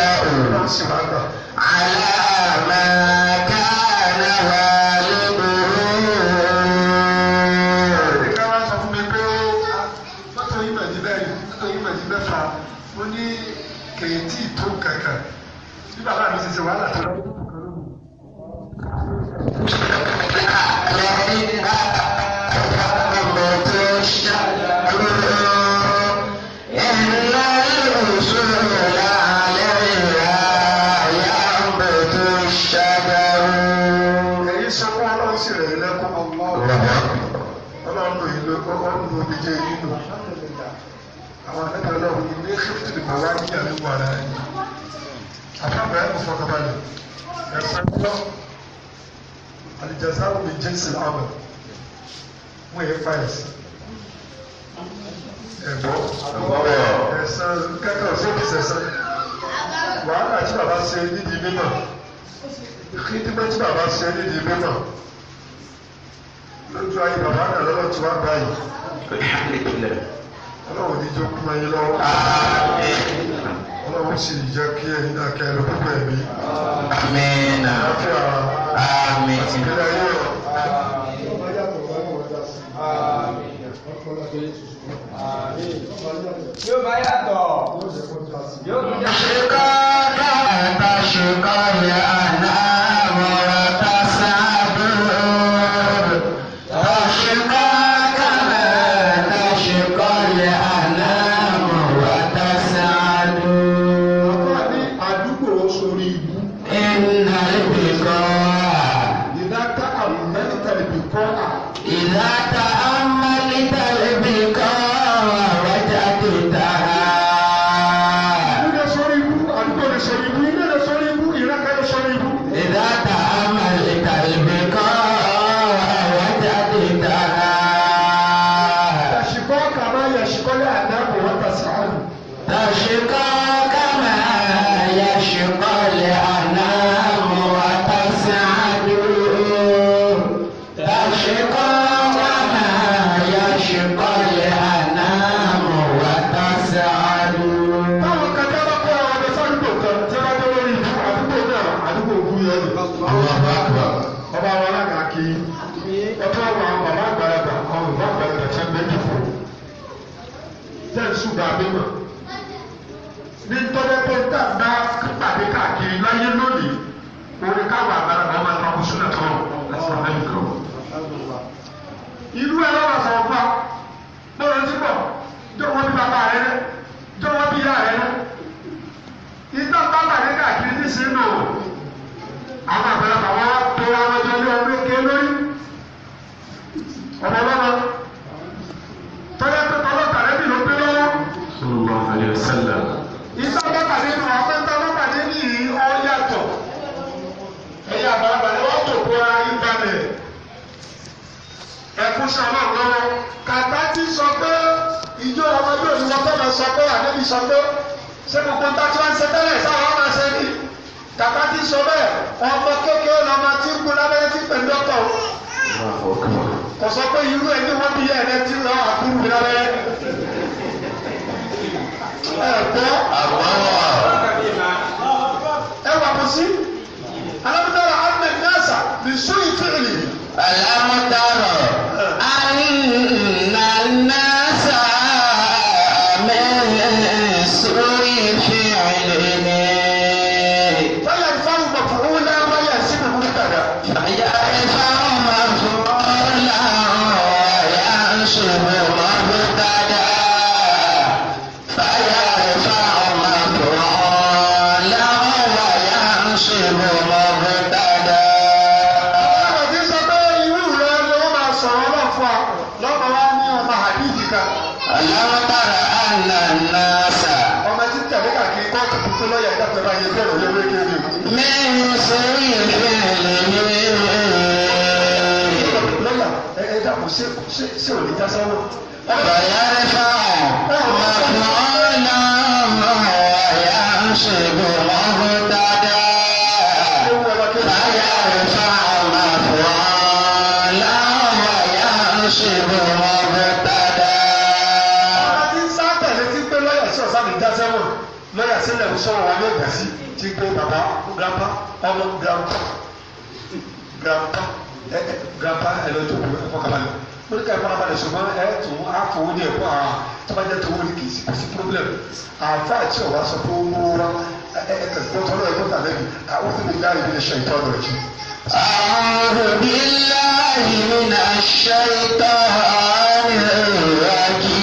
我喜欢的。alámọ́tàrà ànànà sà. ọmọ tí tẹ̀lé kàkiri kóòtù tuntun lọ́yà ìdáfẹ́ bá yẹ fẹ́ràn olówó kiri. mẹ́rin sórí ìfẹ́ rẹ̀ ní. lọ́yà ẹ dàpọ̀ ṣé ṣé ṣé ò ní já sáwọ́. bàyá rẹ fà ọ́ màkà ọ́ ṣègùn ọ̀hún. ọmọ grandpa grandpa ẹ eh, ẹ eh, grandpa ẹ eh, lọ jòkó ẹ fọ kaba lọ wọ́n ká ẹ̀fọ́n abalẹ̀ ṣùgbọ́n ẹ tún àfọwọ́ ní ẹ̀kọ́ àwọn tọ́bajẹ́ tó wọ́n ní kì í sí kò sí problem àfa àti ọ̀wá sọ pé ó mú wa ẹ ẹ kẹsìtọ́ tọ́lọ́ ẹ̀kọ́ tàbí àwọn tó lè dá ìbí lè ṣe ìtọ́ ọ̀dọ̀ jù. أعوذ بالله من الشيطان الرجيم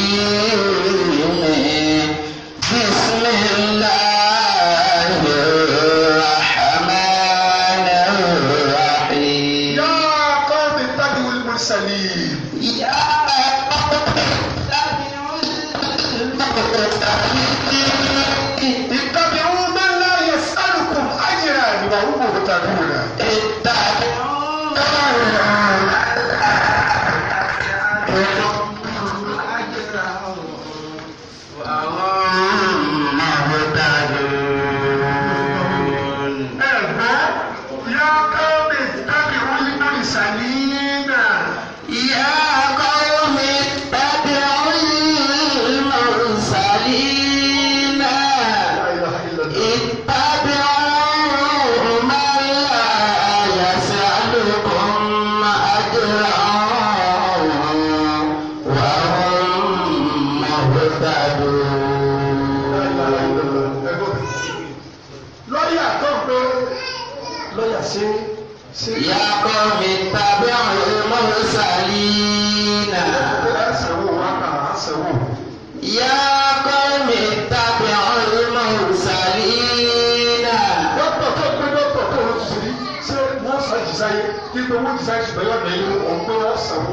wípé wọ́n ti sáyẹ̀sì pẹ̀lú àgbẹ̀yìn ọ̀gbọ́n ọ̀sán.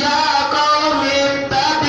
yá a kọ́ mi tàbí.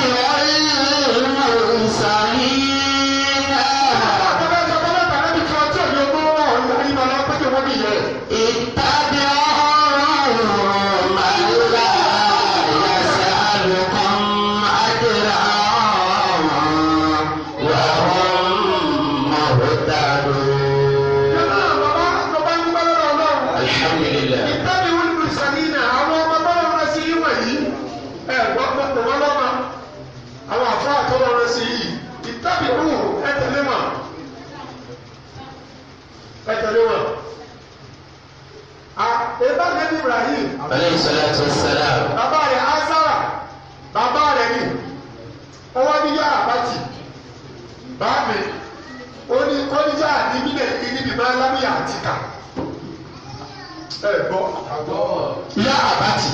yá àbátì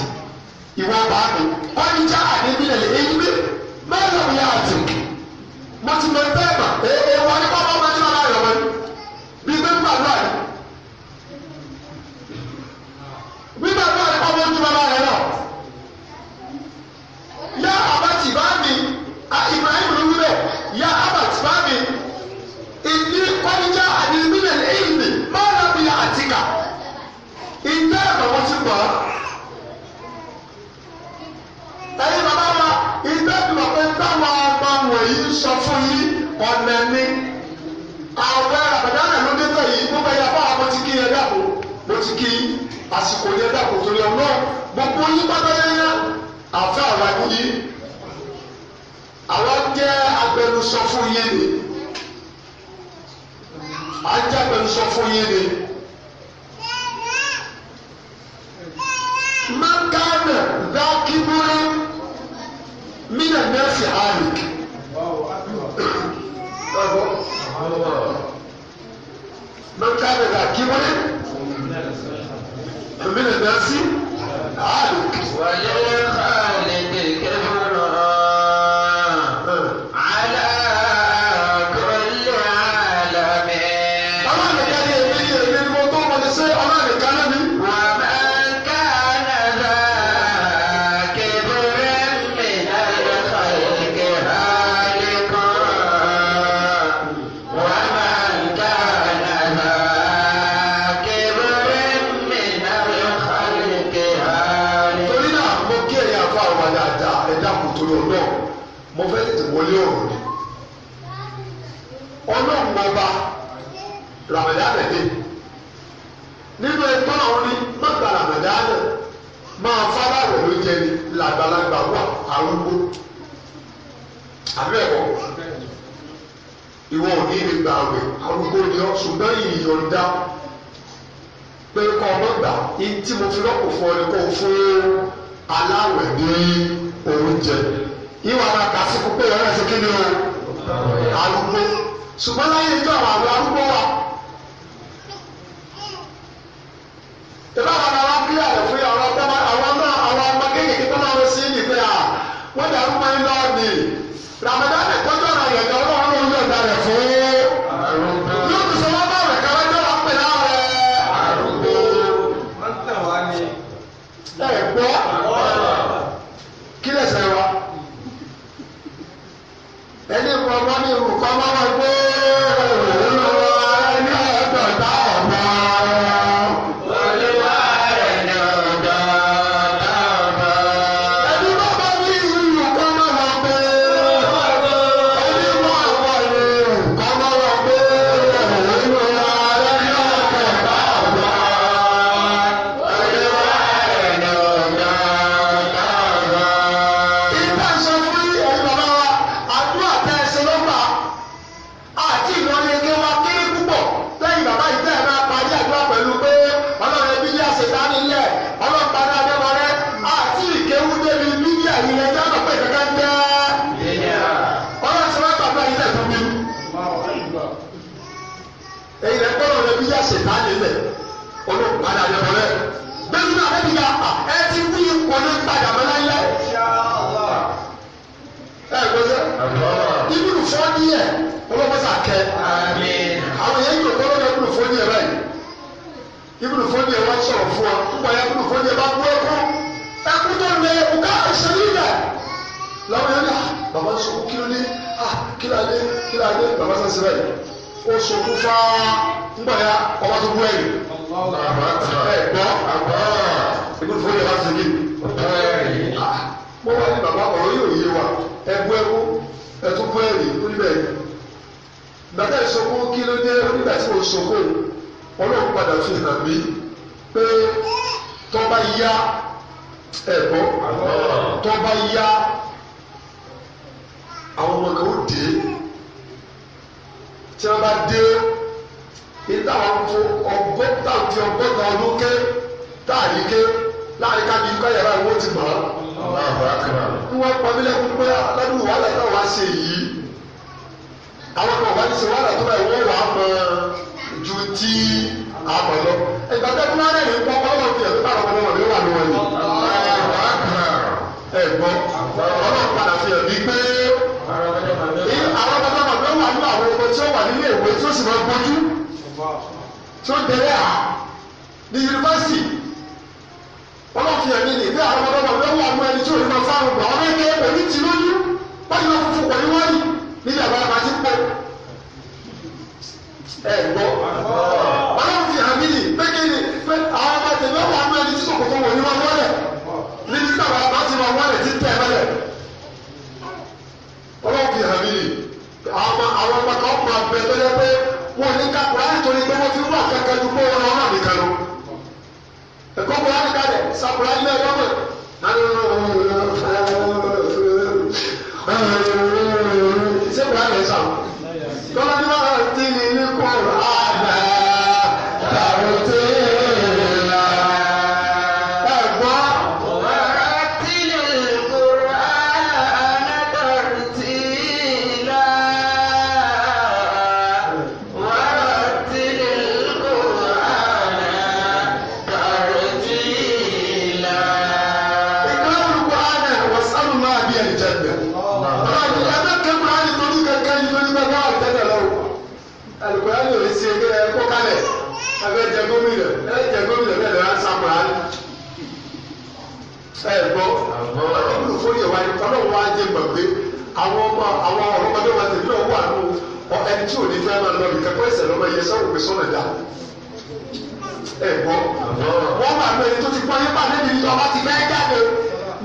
ìwà bàámi wọ́n já àdébí lẹ̀ èyí bí mẹ́rin yá àtì mọ̀tìmọ̀ bẹ́ẹ̀ mà èèwọ̀ ni bàbá máa. sọ fún yín ọ̀nà ni ààrẹ àbàdànà ló dé bẹ́ẹ̀ yìí gbogbo ẹ̀yà báwa mo ti kí ẹ dàbò mo ti kí àsìkò yẹn dàbò torí ọ̀nà gbogbo yín bá bẹ́ẹ̀ yá àfẹ́ àwọn àwọn jẹ́ agbẹnusọ fún yín ni ajẹ́ agbẹnusọ fún yín ni. Makana dakibura mina nasi alik. من كان ذاكرا من الناس عالق وجل خالق èyí rẹ gbọ́dọ̀ rẹ bí yà ṣètà nílẹ̀ olùpadà rẹ bọ̀rẹ̀ bẹ́ẹ̀ni náà ẹbí yà pa ẹ ti wí ìkọ́ni padà mọ́ láyé. ẹ gbọ́dọ̀ ibi olùfọ́ ní ẹ̀ olùfọ́sà kẹ́ àwọn yẹn yóò kọ́ lọ́dọ̀ ibi olùfọ́ ní ẹ̀ báyìí ibi olùfọ́ ní ẹ̀ wá sọ̀rọ̀ fún ọ nípa ẹ̀ ibi olùfọ́ ní ẹ̀ bá gbọ́ ẹkú ẹkú tó lé ẹkú ká ẹsẹ̀ nílẹ̀ lọ́wọ́ yẹn ní bàbá sọ kí ló dé kí ló dé kí ló dé bàbá sọ sí báyìí ó sunkún fá ńgbàdá ọba tó gbọ́ ẹ̀yìn. ẹ̀gbọ́n ìlú fún yàrá sí mi. mo wá ní bàbá ọ̀rọ̀ yóò yé wa ẹ̀gbọ́n ẹ̀kú ẹ̀tún gbọ́ ẹ̀yìn oníbẹ̀ yìí. bàtà ìsunkún kí ló dé nígbà tí mo sunkún ọlọ́run padà fi hàn mí pé tọ́ba yá ẹ̀gbọ́n tọ́ba yá àwọn ọmọ kan ó dé tí wọ́n bá dé ìtàwọn ọgọ́ta ti ọgọ́ta ọdún ké táàrí ké láàrin ká ní ikọ́ yàrá ìwé ti mọ̀ ọ́n wọ́n pa mí lẹ́kún pé lọ́dún wàhálà náà wá ṣe yìí àwọn kan wà ní ṣe wàhálà tó bá ìwé wà á mọ ju ti àmọ̀ lọ ìgbà tó kún lárẹ́ yìí pọ́ pọ́lọ́wọ́ fi ẹ̀sìn bá àwọn ọmọ wọn ní wà ní wọn yìí ẹ̀gbọ́n ọlọ́wọ́. tí ó wà nílé ìwé tí ó sì máa gbójú tí ó délé à ní yunifásitì wọn lọ fi hàn mí ní ìgbé àwọn ọmọdé wọn lọ́wọ́ àwọn ẹni tí ò ní máa fárun gbà wọn lẹkẹ òní ti lójú báyìí wọn fún wọn níwọ̀n yìí ní ìyàwó àwọn àti pọ ẹ gbọ́ wọn lọ fi hàn mí ní pé kí ni pé àwọn ọmọ tẹ́lẹ̀ wọn àwọn ẹni tí kòkòtò wọn níwọ̀n wọlé níbi tí àwọn àbá ti máa wọlé ti tẹ mẹlẹ wọn lọ fi hàn ní àwọn àwọn ọmọ kan máa bẹ tó yẹ pé wọn ò ní ká kura nítorí pé wọn ti wà kankan ju kóòrò ọ̀nà nìkan lọ. ẹ̀kọ́ kura ní kalẹ̀ sakura ilé ẹ̀dọ́ mọ̀. ṣé kura lè sàn? lọ́la ní bá pè sọ̀rọ̀ dà ẹ gbọ́ wọ́n máa pè ní tó ti pọ́n nípa níbi ìjọ ọba ti fẹ́ jáde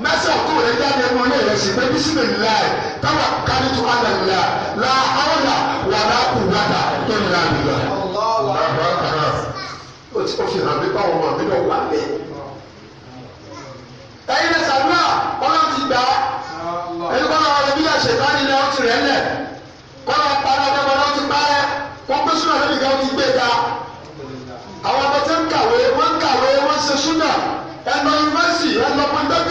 mẹ́sàn kó rẹ̀ jáde mọ́ ní ẹ̀rẹ́ sí bẹ́bí sí nìlá ẹ̀ táwọn kárí tó wà nàìjíríà la ọ̀là wà láàkú wàdà tó nìlá nìlá. ó fi hàn mí báwọn ọmọ mi náà wà bẹ́ẹ̀.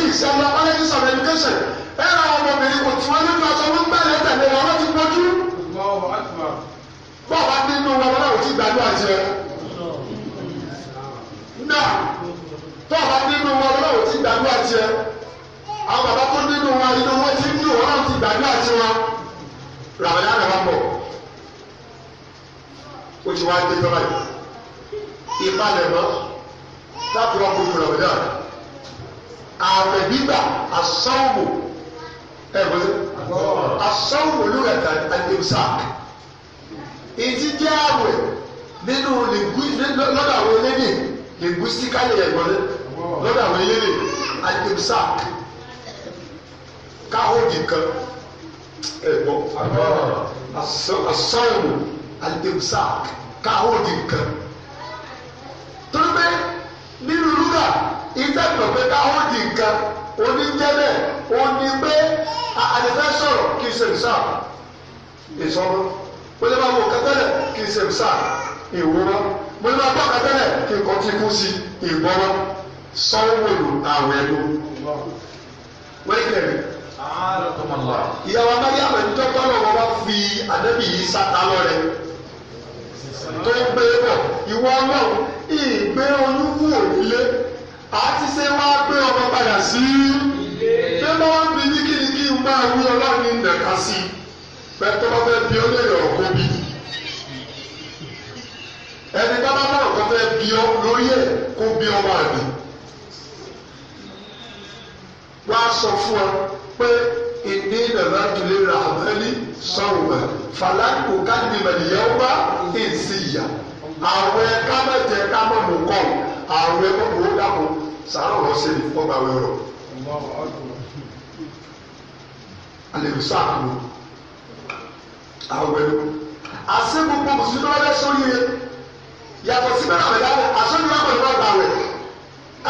is our qualities of education ẹ ra ọmọbìnrin kò tí wọ́n ní pàṣẹ wọ́n gbẹ̀rẹ̀ tẹ̀lé wọn wọ́n ti gbójú. bọ́ọ̀ bá nínú wọn wọn ò tí gbàdúrà jẹ. náà bọ́ọ̀ bá nínú wọn wọn ò tí gbàdúrà jẹ. àwọn bàbá tó nínú wọn inú wọn ti dùn wọn ò tí gbàdúrà jẹ wọn. ràbàdà rẹ̀ wọ́n bọ̀ o ti dé tọ́lá yìí ìpalẹ̀mọ́ láti wá fún ràbàdà rẹ̀ ààwẹ̀ gbígbà asọ́wò ẹ kò sí asọ́wò lórí ẹ̀ka àdébísà ètí jẹ́ ààwẹ̀ nínú lọ́dọ̀ àwọn elédè linguistically ẹ̀kọ́ sí lọ́dọ̀ àwọn elédè àdébísà káwọn nìkan ẹ̀kọ́ asọ́wò àdébísà káwọn nìkan torí pé nínú rúrà ìtẹ̀gbọ̀n pé ká ó di nǹkan oníjẹ́bẹ̀ oní pé àdìfẹ́ sọ̀rọ̀ kì í ṣe ìṣà ìṣọ́mọ́ pẹ̀lú bá wọ kẹtẹ́lẹ̀ kì í ṣe ìṣà ìwúrọ́ pẹ̀lú bá bọ́ kẹtẹ́lẹ̀ kì í kọ́ ti kú sí ìgbọ́rọ́ sọ́wọ́lù àwọn ẹ̀lú wẹ́gẹ̀rẹ̀. ìyàwó amáyé àwọn ẹni tó tọ́lọ̀ wọn wá fi àdébìyí sátá lọ́rẹ̀ torí pé bọ̀ ìwọ ọlọ́run ìgbé oyún kú òrùlé àti ṣé wàá gbé ọmọ padà sí i pé báwọn bí ní kí ni kí n máa wí ọlọ́run ní nàka sí i pẹ̀lú tó bá fẹ́ bí ó lè rọ̀ kó bí ẹni tó bá náà kó fẹ́ bí ọ lórí kó bí ọmọ àgbẹ̀ wàá sọ fún ọ pé inni nàzàtú lè ra àmàlí sọ̀rọ̀ fàlàkù kálíbàlì yẹ́wọ́bà ìsìyà àwọn ẹ̀ka mẹ́jẹ ká mọ̀ mú kọ́ àwọn ẹ̀kọ́ mú dàpọ̀ sàárọ̀ lọ sí ni ọgbà wẹ̀rọ̀ alẹ́rùsáàkùn àwẹ̀rù àṣẹ gbogbo mùsùlùmí ọlẹ́ sórí yẹ yàtọ̀ sí mẹ́ta mẹ́ta rẹ̀ àṣẹ ní wọn bọ̀ nípa rẹ̀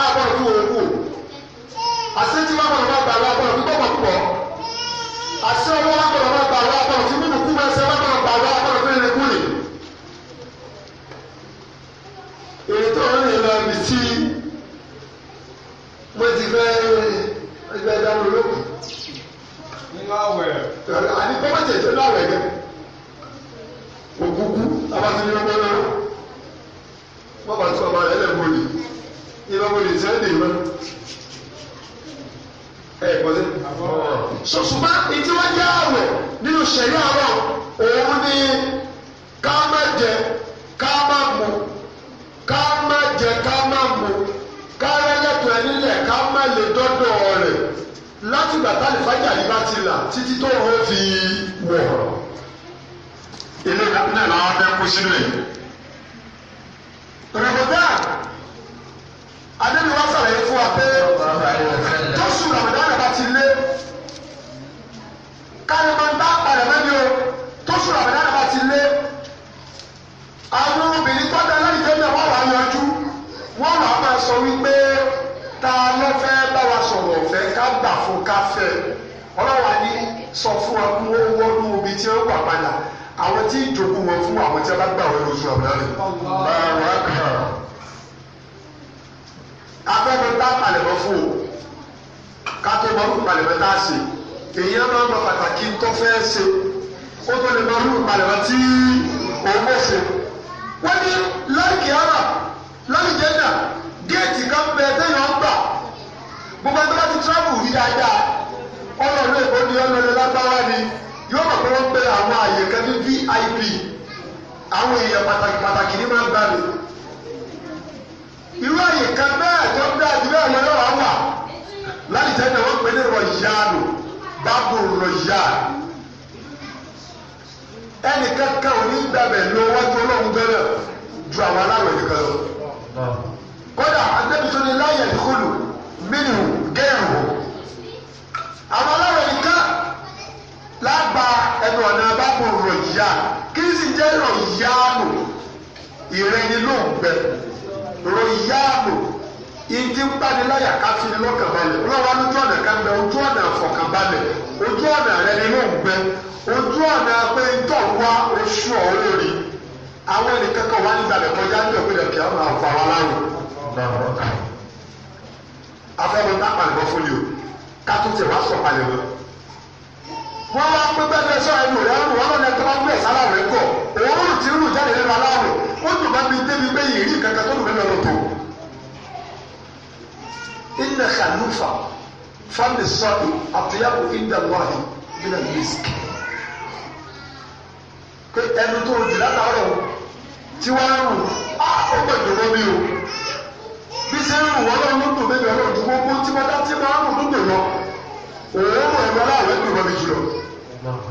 àbọ̀ fún òun kù àṣẹ tí wọn bọ̀ nípa rẹ̀ àbọ̀ fún bọ̀ pọ̀ àṣẹ wọn agbọ̀dọ̀ máa gbàgbọ́ agbọ̀dọ̀ tí mímu kú máa ṣe wọn máa gbàgbọ́ agbọ̀dọ̀ tó yẹ kúlè. ètò ìrìn lọ ibi tí mo ti fẹ́ ẹgbẹ́ dáná lókun. nínú àwẹ̀. àní kọ́mọ̀tì ètò nínú àwẹ̀ yẹn òkúkú abáṣe ní ọgbọ́n náà wọ́n bá tún ọba ẹlẹ́gbọ̀n yìí ìlọ́gbọ̀n yìí sẹ́yìn lè ẹ kọ́lé. sọ̀sùnmá ìtí wọ́n jẹ́ àwẹ̀ nínú sẹ̀rí àárọ̀ òun ni ká má jẹ ká má mu ká má jẹ ká má mu ká rẹ́lẹ́tọ̀ ẹ nílẹ̀ ká má lè dọ́dọ̀ rẹ̀ láti gbàtà lìfájà yìí bá ti là títí tó o fi wọ̀. ilé náà làwọn fẹ́ kú sínú ẹ̀. rẹ̀bọ̀dá adébí wa sàlàyé fún wa pé tóṣù ramadan bá ti lé káyọ̀ máa ń bá padà lẹ́bi o tóṣù ramadan bá ti lé àwọn obìnrin tọ́jà lẹ́yìn tó ń bẹ̀ wọ́n wàá yanjú wọ́n wàá máa sọ wípé ta ló fẹ́ bá wa sọ̀rọ̀ ọ̀fẹ́ ká gbà fún ká fẹ́ ọlọ́wà ní sọ fún wa kí wọ́n wọ́nú omi tí wọ́n gbà padà àwọn tí ìjókòó wọn fún àwọn tí wọ́n bá gbà wọ́n lóṣù ramadan afẹ́fẹ́ tá palẹ̀mọ́ fún o kátó mọ́ lóko palẹ̀mọ́ tá a ṣe èèyàn máa ń lọ pàtàkì tó fẹ́ ṣe ó tó lè mọ́ lóko palẹ̀mọ́ tí òun bó ṣe. wọ́n ní lọ́ọ̀kì ọ̀rọ̀ lọ́ọ̀kì jẹ́nà géètì kan bẹ tẹ́yàn ń gbà gbogbo ẹgbẹ́ láti tíráàbù rí dáadáa ọlọ́ọ̀lọ́ èkó ni ọlọ́ọ̀lọ́ lágbára ni yóò mọ̀ pé wọ́n gbé àwọn àyè kan VIP àwọn èèyàn pàtàkì pàtàkì ní máa gbà mí irú àyè kan bẹ́ẹ̀ tó dáa jù bẹ́ẹ̀ lọ́dọ̀ wà wà láti jẹ́ ìdáwọ́ pé ní rọ̀yàánù bábù rọ̀yàánù ẹnì kankan ò ní gbàgbẹ́ lọ wájú ọlọ́run gẹ́rẹ́ ju àwọn aláwọ̀ nìkan lọ. kódà àdébìtò ni láyé ìkọlù mínú gẹ́rù àwọn aláwọ̀ nìkan lába ẹnu ọ̀nà bábù rọ̀yàánù kí n sì jẹ́ rọ̀yàánù ìrẹ́ni ló ń bẹ̀rù ròyáàbò ìdí ń bá ní láyà ká fi lọ́kàn balẹ̀ lọ́wọ́ lójú ọ̀nà kan bẹ ojú ọ̀nà àfọ̀kàn balẹ̀ ojú ọ̀nà rẹ ni yóò gbẹ ojú ọ̀nà pé tọ̀ wá oṣù ọ̀ lórí àwọn ẹnìkan kan wá nígbà lẹ̀ kọjá ní ọ̀gbìn ẹ̀kẹ́ ọ̀nà àfọwọ́ aláwọ̀ afẹ́mi náà pàlẹ́ bọ́ fún mi o ká tó tẹ̀ wá sọ̀ pàlẹ́ wọn wọ́n wá pé bẹ́ẹ̀ sọ ẹnu rẹ̀ rù wọ́n lọ́nà tó bá gbé ìsára rẹ̀ kọ̀ òórùn ti rù jáde lẹ́nu aláwọ̀ ó dùn bá mi débi pé ìrí kankan tó lù lẹ́nu tó. inna khalufa fami sọ́ọ̀tì àtúnyàwó inda lọ́ọ̀hì nínú pé ẹnu tó o jù látàárọ̀ tí wọ́n rù á ó gbẹ̀ dùnmọ́ mi o bí sẹ́yìn rù wọ́n lọ́nà tó bẹ́ẹ̀ lọ́nà tó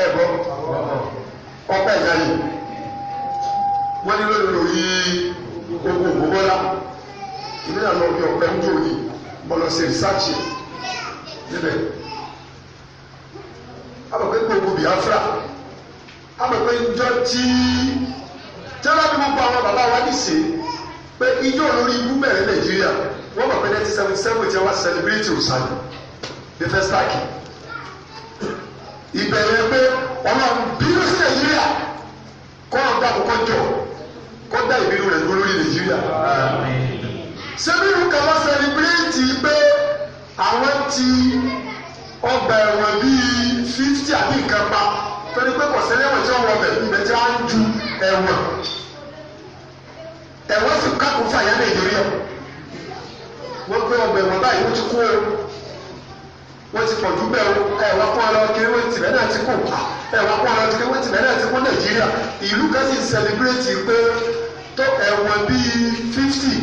ẹ gbọ́ ọpẹ́ ìyá yìí ní lórí lórí ogun ògbóbọ́lá ìlú náà lọ bí sí abẹ́pẹ́ gbogbo Biafra abẹ́pẹ́ njọ́ tí tẹ́lá bí gbogbo àwọn bàbá wa ní sè pé ijó olórí ibú bẹ̀rẹ̀ Nàìjíríà wọ́n seven ti wá ìbẹ̀rẹ̀ pé ọlọ́run bínú sí nàìjíríà kọ́ ọ̀dà àkọ́kọ́ jọ kọ́ dá ìbínú rẹ̀ dúró lórí nàìjíríà. sẹ́bírù kan wá sẹ́lẹ̀bírẹ́tì pé àwọn ti ọgbà ẹ̀wọ̀n bíi fífítì àbí nǹkan pa pẹ̀lú pé kọ̀sẹ́lẹ̀wọ̀n tí wọ́n wọ bẹ̀ ibẹ̀ tí wọ́n á ju ẹ̀wọ̀n ẹ̀wọ̀n sì kákòó fàyà nàìjíríà wọ́n gbé ọgbà ẹ̀wọ̀n báyìí wọ́n ti kó wọ́n ti pọ̀jù bẹ́ẹ̀ o ẹ̀wọ̀n kọ́ ọ kéwé tìmẹ́ náà ti kò ẹ̀wọ̀n kọ́ ọ kéwé tìmẹ́ náà ti kó nàìjíríà ìlú kan sì ń sẹlẹ̀bírẹ́tì pé tó ẹ̀wọ̀n bíi fífítì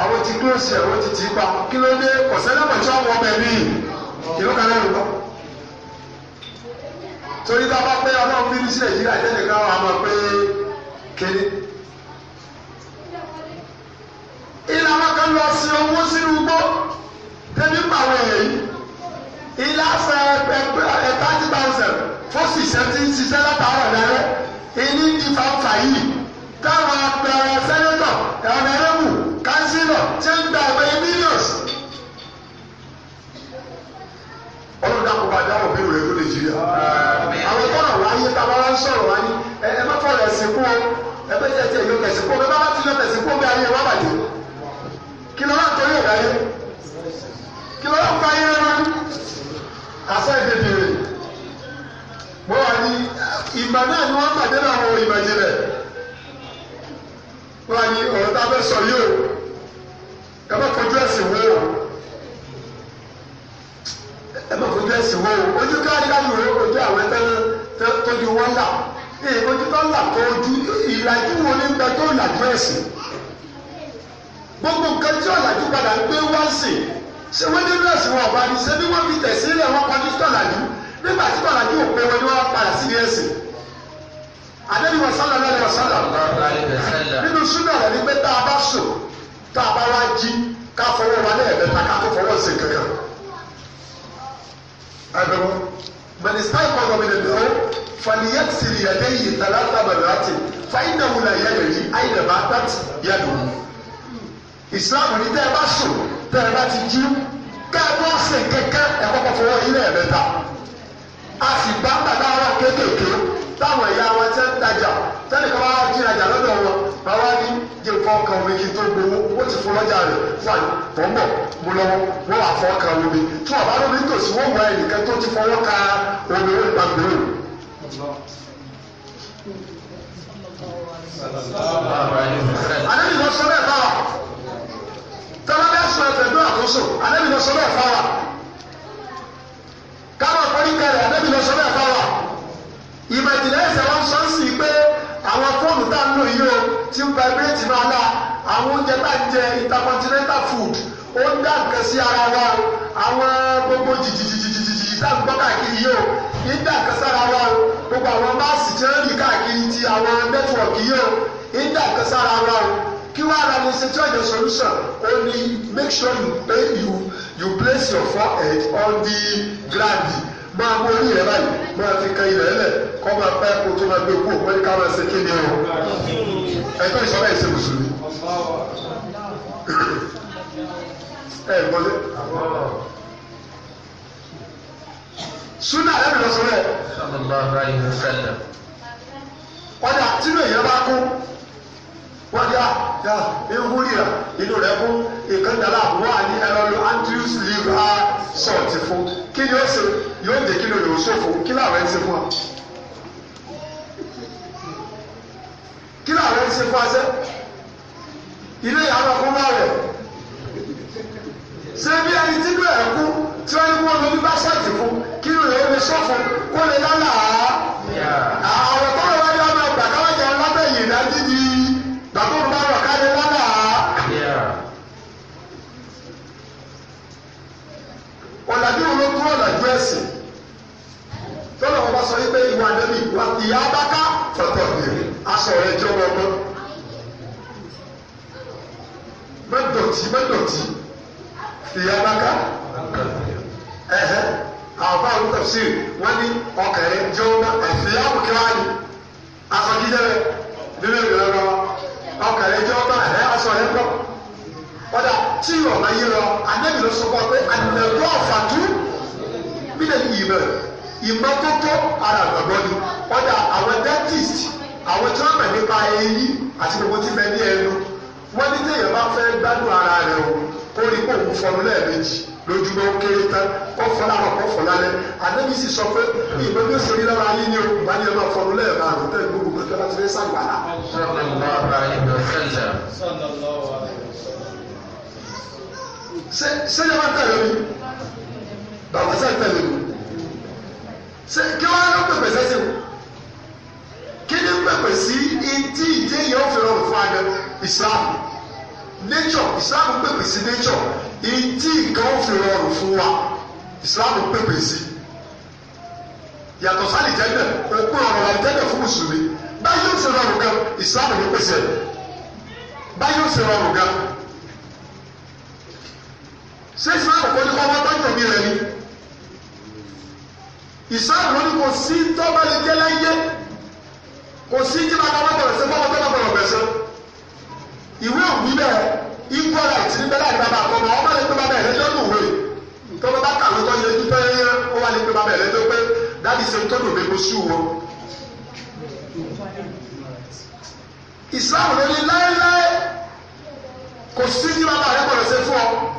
àwọn ti close ẹ̀wọ̀n ti tì í pa kí ló dé kọ̀sẹ́lẹ̀mọ̀ tí wọ́n wọ ọmọ ẹ̀mí ìlú kan náà lọ. torí tá a bá pé ọlọ́run bínú sí nàìjíríà jẹ́lẹ̀ káwọn àmọ́ pé kéde. ìlànà kan lọ sí owó sínú igbó tẹ́bí pàwọn èèyàn yìí ìlàsẹ̀ ẹgbẹ́ thirty thousand fún ṣiṣẹ́ tí ń ṣiṣẹ́ látàárọ̀ lẹ́rẹ́ ìní ti fa fà yìí táwọn apẹ̀rẹ̀ sẹ́nẹ́tọ̀ ẹ̀rẹ́rẹ́bù kánsílọ̀ ti ń gba ìwé mílíọ̀sì. olùdókòwò bàjẹ́ àwọn òbí rẹ̀ ló lè jí rẹ̀. àwọn tọ́lọ̀ wáyé táwa wá ń sọ̀rọ̀ wáyé ẹ má fọ̀rọ̀ ẹ̀sìn kú o ẹ bẹ́ẹ̀ tẹ̀ tẹ̀ yọ tẹ̀sìn kú o bẹ́ẹ̀ bá ti yọ tẹ̀sìn kú o bẹ́ẹ̀ ayé wá bàjẹ́ kí lọ́la ń torí ọ̀gá yẹn kìlọ̀ yóò fa yẹn lọ kásá ìdèdè rẹ̀ wọ́n wà ní ìgbà náà ni wọ́n pàdé náà wọ ìgbà jìnlẹ̀ wọ́n wà ní ọ̀rọ̀ tá a fẹ́ sọ yìí o ẹ má fojú ẹ̀sìn wò o ẹ má fojú ẹ̀sìn wò o ojú ká ní káyọ̀ ojú àwọn ẹ̀tẹ́ tójú wọn là ee ojú tó ń là tó ojú ìlàjú wo ni ń bẹ tó ìlàjú ẹ̀sìn gbogbo nǹkan tí ọ̀làjú padà ń gbé wá sí i ṣé wọ́n dé bẹ́ẹ̀sì wọn ọ̀bá ni ṣé bí wọ́n fi tẹ̀sí ilẹ̀ wọn kọjú tọ̀làjú nígbà tí tọ̀làjú ò pé wọn ni wọ́n padà sí ilé ẹ̀sìn. àdébí wọn sọ́lá lẹ́nu wọn sọ́lá nínú súnà rẹ̀ ni pé tá a bá sùn tá a bá wá jí ká fọwọ́ wa lẹ́ẹ̀mẹ́ta ká tó fọwọ́ sí kankan. àbẹ̀wò mẹ̀nísítà ìkọ̀ọ̀kan mi lè dúró fàlìyàtìrì yàdéyìí tàlátà bàdàtì fàyínàmùnà yàyẹ̀yì àyìnàbà tàtì yàdùn. ìsìlámù ní tẹ́ ẹ bá sùn bẹ́ẹ̀ bá ti jí bẹ́ẹ̀ bá ṣe kẹ́kẹ́ ẹ̀ kọ́kọ́ fọwọ́ yín lẹ́ẹ̀mẹ́ta a sì bá bàbá wa kéékèèké táwọn ìyá wa tẹ́ ń tajà tẹ́nìkan bá jí ìrajà lọ́dọ̀ wọn bàbá ní jẹ̀kọ́ kan omi kí n tó gbowó ó ti fún lọ́jà rẹ̀ fún àtọ̀mọ̀ mo lọ́wọ́ wọ́n wà fọ́ kan omi tí wọ́n bá lómi tòsí wọ́n mọ ẹnìkan tó ti fọwọ́ ka omi ó gba gbèrò. àdébìyàn sọ bẹ́ẹ̀ bá wa tọ́lábẹ́ sọ̀rọ̀ tẹ̀dọ́ àkóso anábì lọ sọ́dọ̀ ẹ̀fọ́ wa káwọn àpọ́nrí kalẹ̀ anábì lọ sọ́dọ̀ ẹ̀fọ́ wa ìmọ̀ ìjìnlẹ̀ ẹ̀sẹ̀ wọn sọ ń sìn pé àwọn fóònù tá a ń lò yìí o ti ń vibrate máa la àwọn oúnjẹ tá a ń jẹ intercontinental food ó ń dá nǹkan sí ara wa o àwọn gbogbo jìjìjìjìjì tá a ń gbọ́ káàkiri yìí o ń dá nǹkan sára wa o gbogbo àwọn máàsì tí wọ́n rí káàkiri ti àwọn nẹ́tíwọ̀kì yìí o ń dá nǹkan sára wa o kí wàá ra ní ṣe try the solution only make sure you pay you you place your forehead on the ground máa mú orí rẹ báyìí máa fi kan ilẹ̀ ẹlẹ̀ kọ́ máa pẹ́ kó tó máa gbé kú òpin ká máa ṣe kí ni o ẹ̀tọ́ ìṣọ́lá ìṣe mùsùlùmí ẹ̀ gbọ́dọ̀ súnà lẹ́nu lọ́sọ̀rọ̀ ẹ̀. ọ̀dà tí lóye bá kú wọ́n ti à ìhúrìà inú rẹ̀ fún ìkàndàlà àbúrò àní ẹlọ́lu andrews liver salt fún kí ni ó ṣe yóò dé kí ni òyìnbó ṣòfò kí làwọn ẹ̀ ń ṣe fún wa. kí làwọn ẹ̀ ń ṣe fún wa sẹ́ ilé yàrá fún báwẹ̀ ṣé bí ẹni tí ló ẹ̀ kú tí wọ́n ní kí wọ́n lọ bí bá ṣàtì fún kí ni òyìnbó ṣòfò kó lè lálàá àwọn. ẹ̀sìn tọ́lá wọn bá sọ wípé ìwà àdẹ́bí wà ìyá abáká fọ̀tọ̀ bìrì aṣọ rẹ̀ jẹ́ ọmọ ọmọ mẹ́dọ̀tì mẹ́dọ̀tì ìyá abáká ẹ̀hẹ́ àwọn bá wọn tẹ̀sí wọn ní ọkẹ̀rẹ̀ jẹ́ ọmọ ẹ̀fìyà òkè wá ní aṣọ jíjẹ́ rẹ̀ nínú ìrẹ̀ lọ ọkẹ̀rẹ̀ jẹ́ ọmọ ẹ̀hẹ́ aṣọ rẹ̀ pọ̀ ọ̀dà tí ọ̀nà yìí lọ àdẹ́bí ló sọ pé àdìlẹ̀ mílẹ̀ ní ìmọ̀ ìmọ́tótó ara àgbàgbọ́ ni ọ̀dà àwọn dentist àwọn tí wọ́n mọ̀ nípa eyín àti gbogbo tí bẹ́ẹ̀ ní ẹnu wọ́n ní téèyàn bá fẹ́ gbádùn ara rẹ̀ o kó rí kó òun fọnu lẹ́ẹ̀mejì lójúmọ́ kéré tán kó fọlá àwọn kó fọlá lẹ àdébí sì sọ pé ìgbẹ́ bí ó ṣe rí lára yín ni o bá ní ẹ máa fọnu lẹ́ẹ̀mejì àrùn tẹ̀ gbogbo pẹ̀lú láti fẹ́ sàgbàlá. ṣé ṣé yàrá tẹ̀lé mi bàbá sáà pẹ̀lú ṣe kí wọ́n á lọ pẹ̀pẹ̀ sẹ́sẹ̀ wò kí ni pẹ̀pẹ̀ sí etí ìdí èyàn ó fi fún adé Islam nature Islam pẹ̀pẹ̀ sí nature etí nǹkan ó fi rọrùn fún wa Islam pẹ̀pẹ̀ sí yàtọ̀ sáà ìjẹ́dẹ̀ òpin ọ̀rọ̀ ìjẹ́dẹ̀ fún mùsùlùmí báyìí ó ti rọrùn gan Islam ló pèsè báyìí ó ti rọrùn gan ṣé Islam kò ní kọ́ wọ́n bá jọ̀ mí rẹ ni ìsáàmù ló ní kò sí tọ́ba lè jẹ́ láyé kò sí jíba ká bọ́tọ̀ ẹ̀sẹ̀ fọwọ́ tọ́ba bọ̀rọ̀ bẹ̀sẹ̀ ìwé òbí bẹ́ẹ̀ ikú ọ̀la ìtì níbẹ̀ láì bàbá àkọ́mọ ọba lè pé bàbá ẹ̀rẹ́ lọ́dún òwe tọ́ba bá kàwé tó yẹ dúpẹ́ ó wà lè pé bàbá ẹ̀rẹ́ tó pé dáàbì ṣe tó dùn mẹ́kọ sí wọn. ìsáàmù ló ní láéláé kò sí jíba ká bọ̀rọ̀ ẹ̀sẹ̀ fún ọ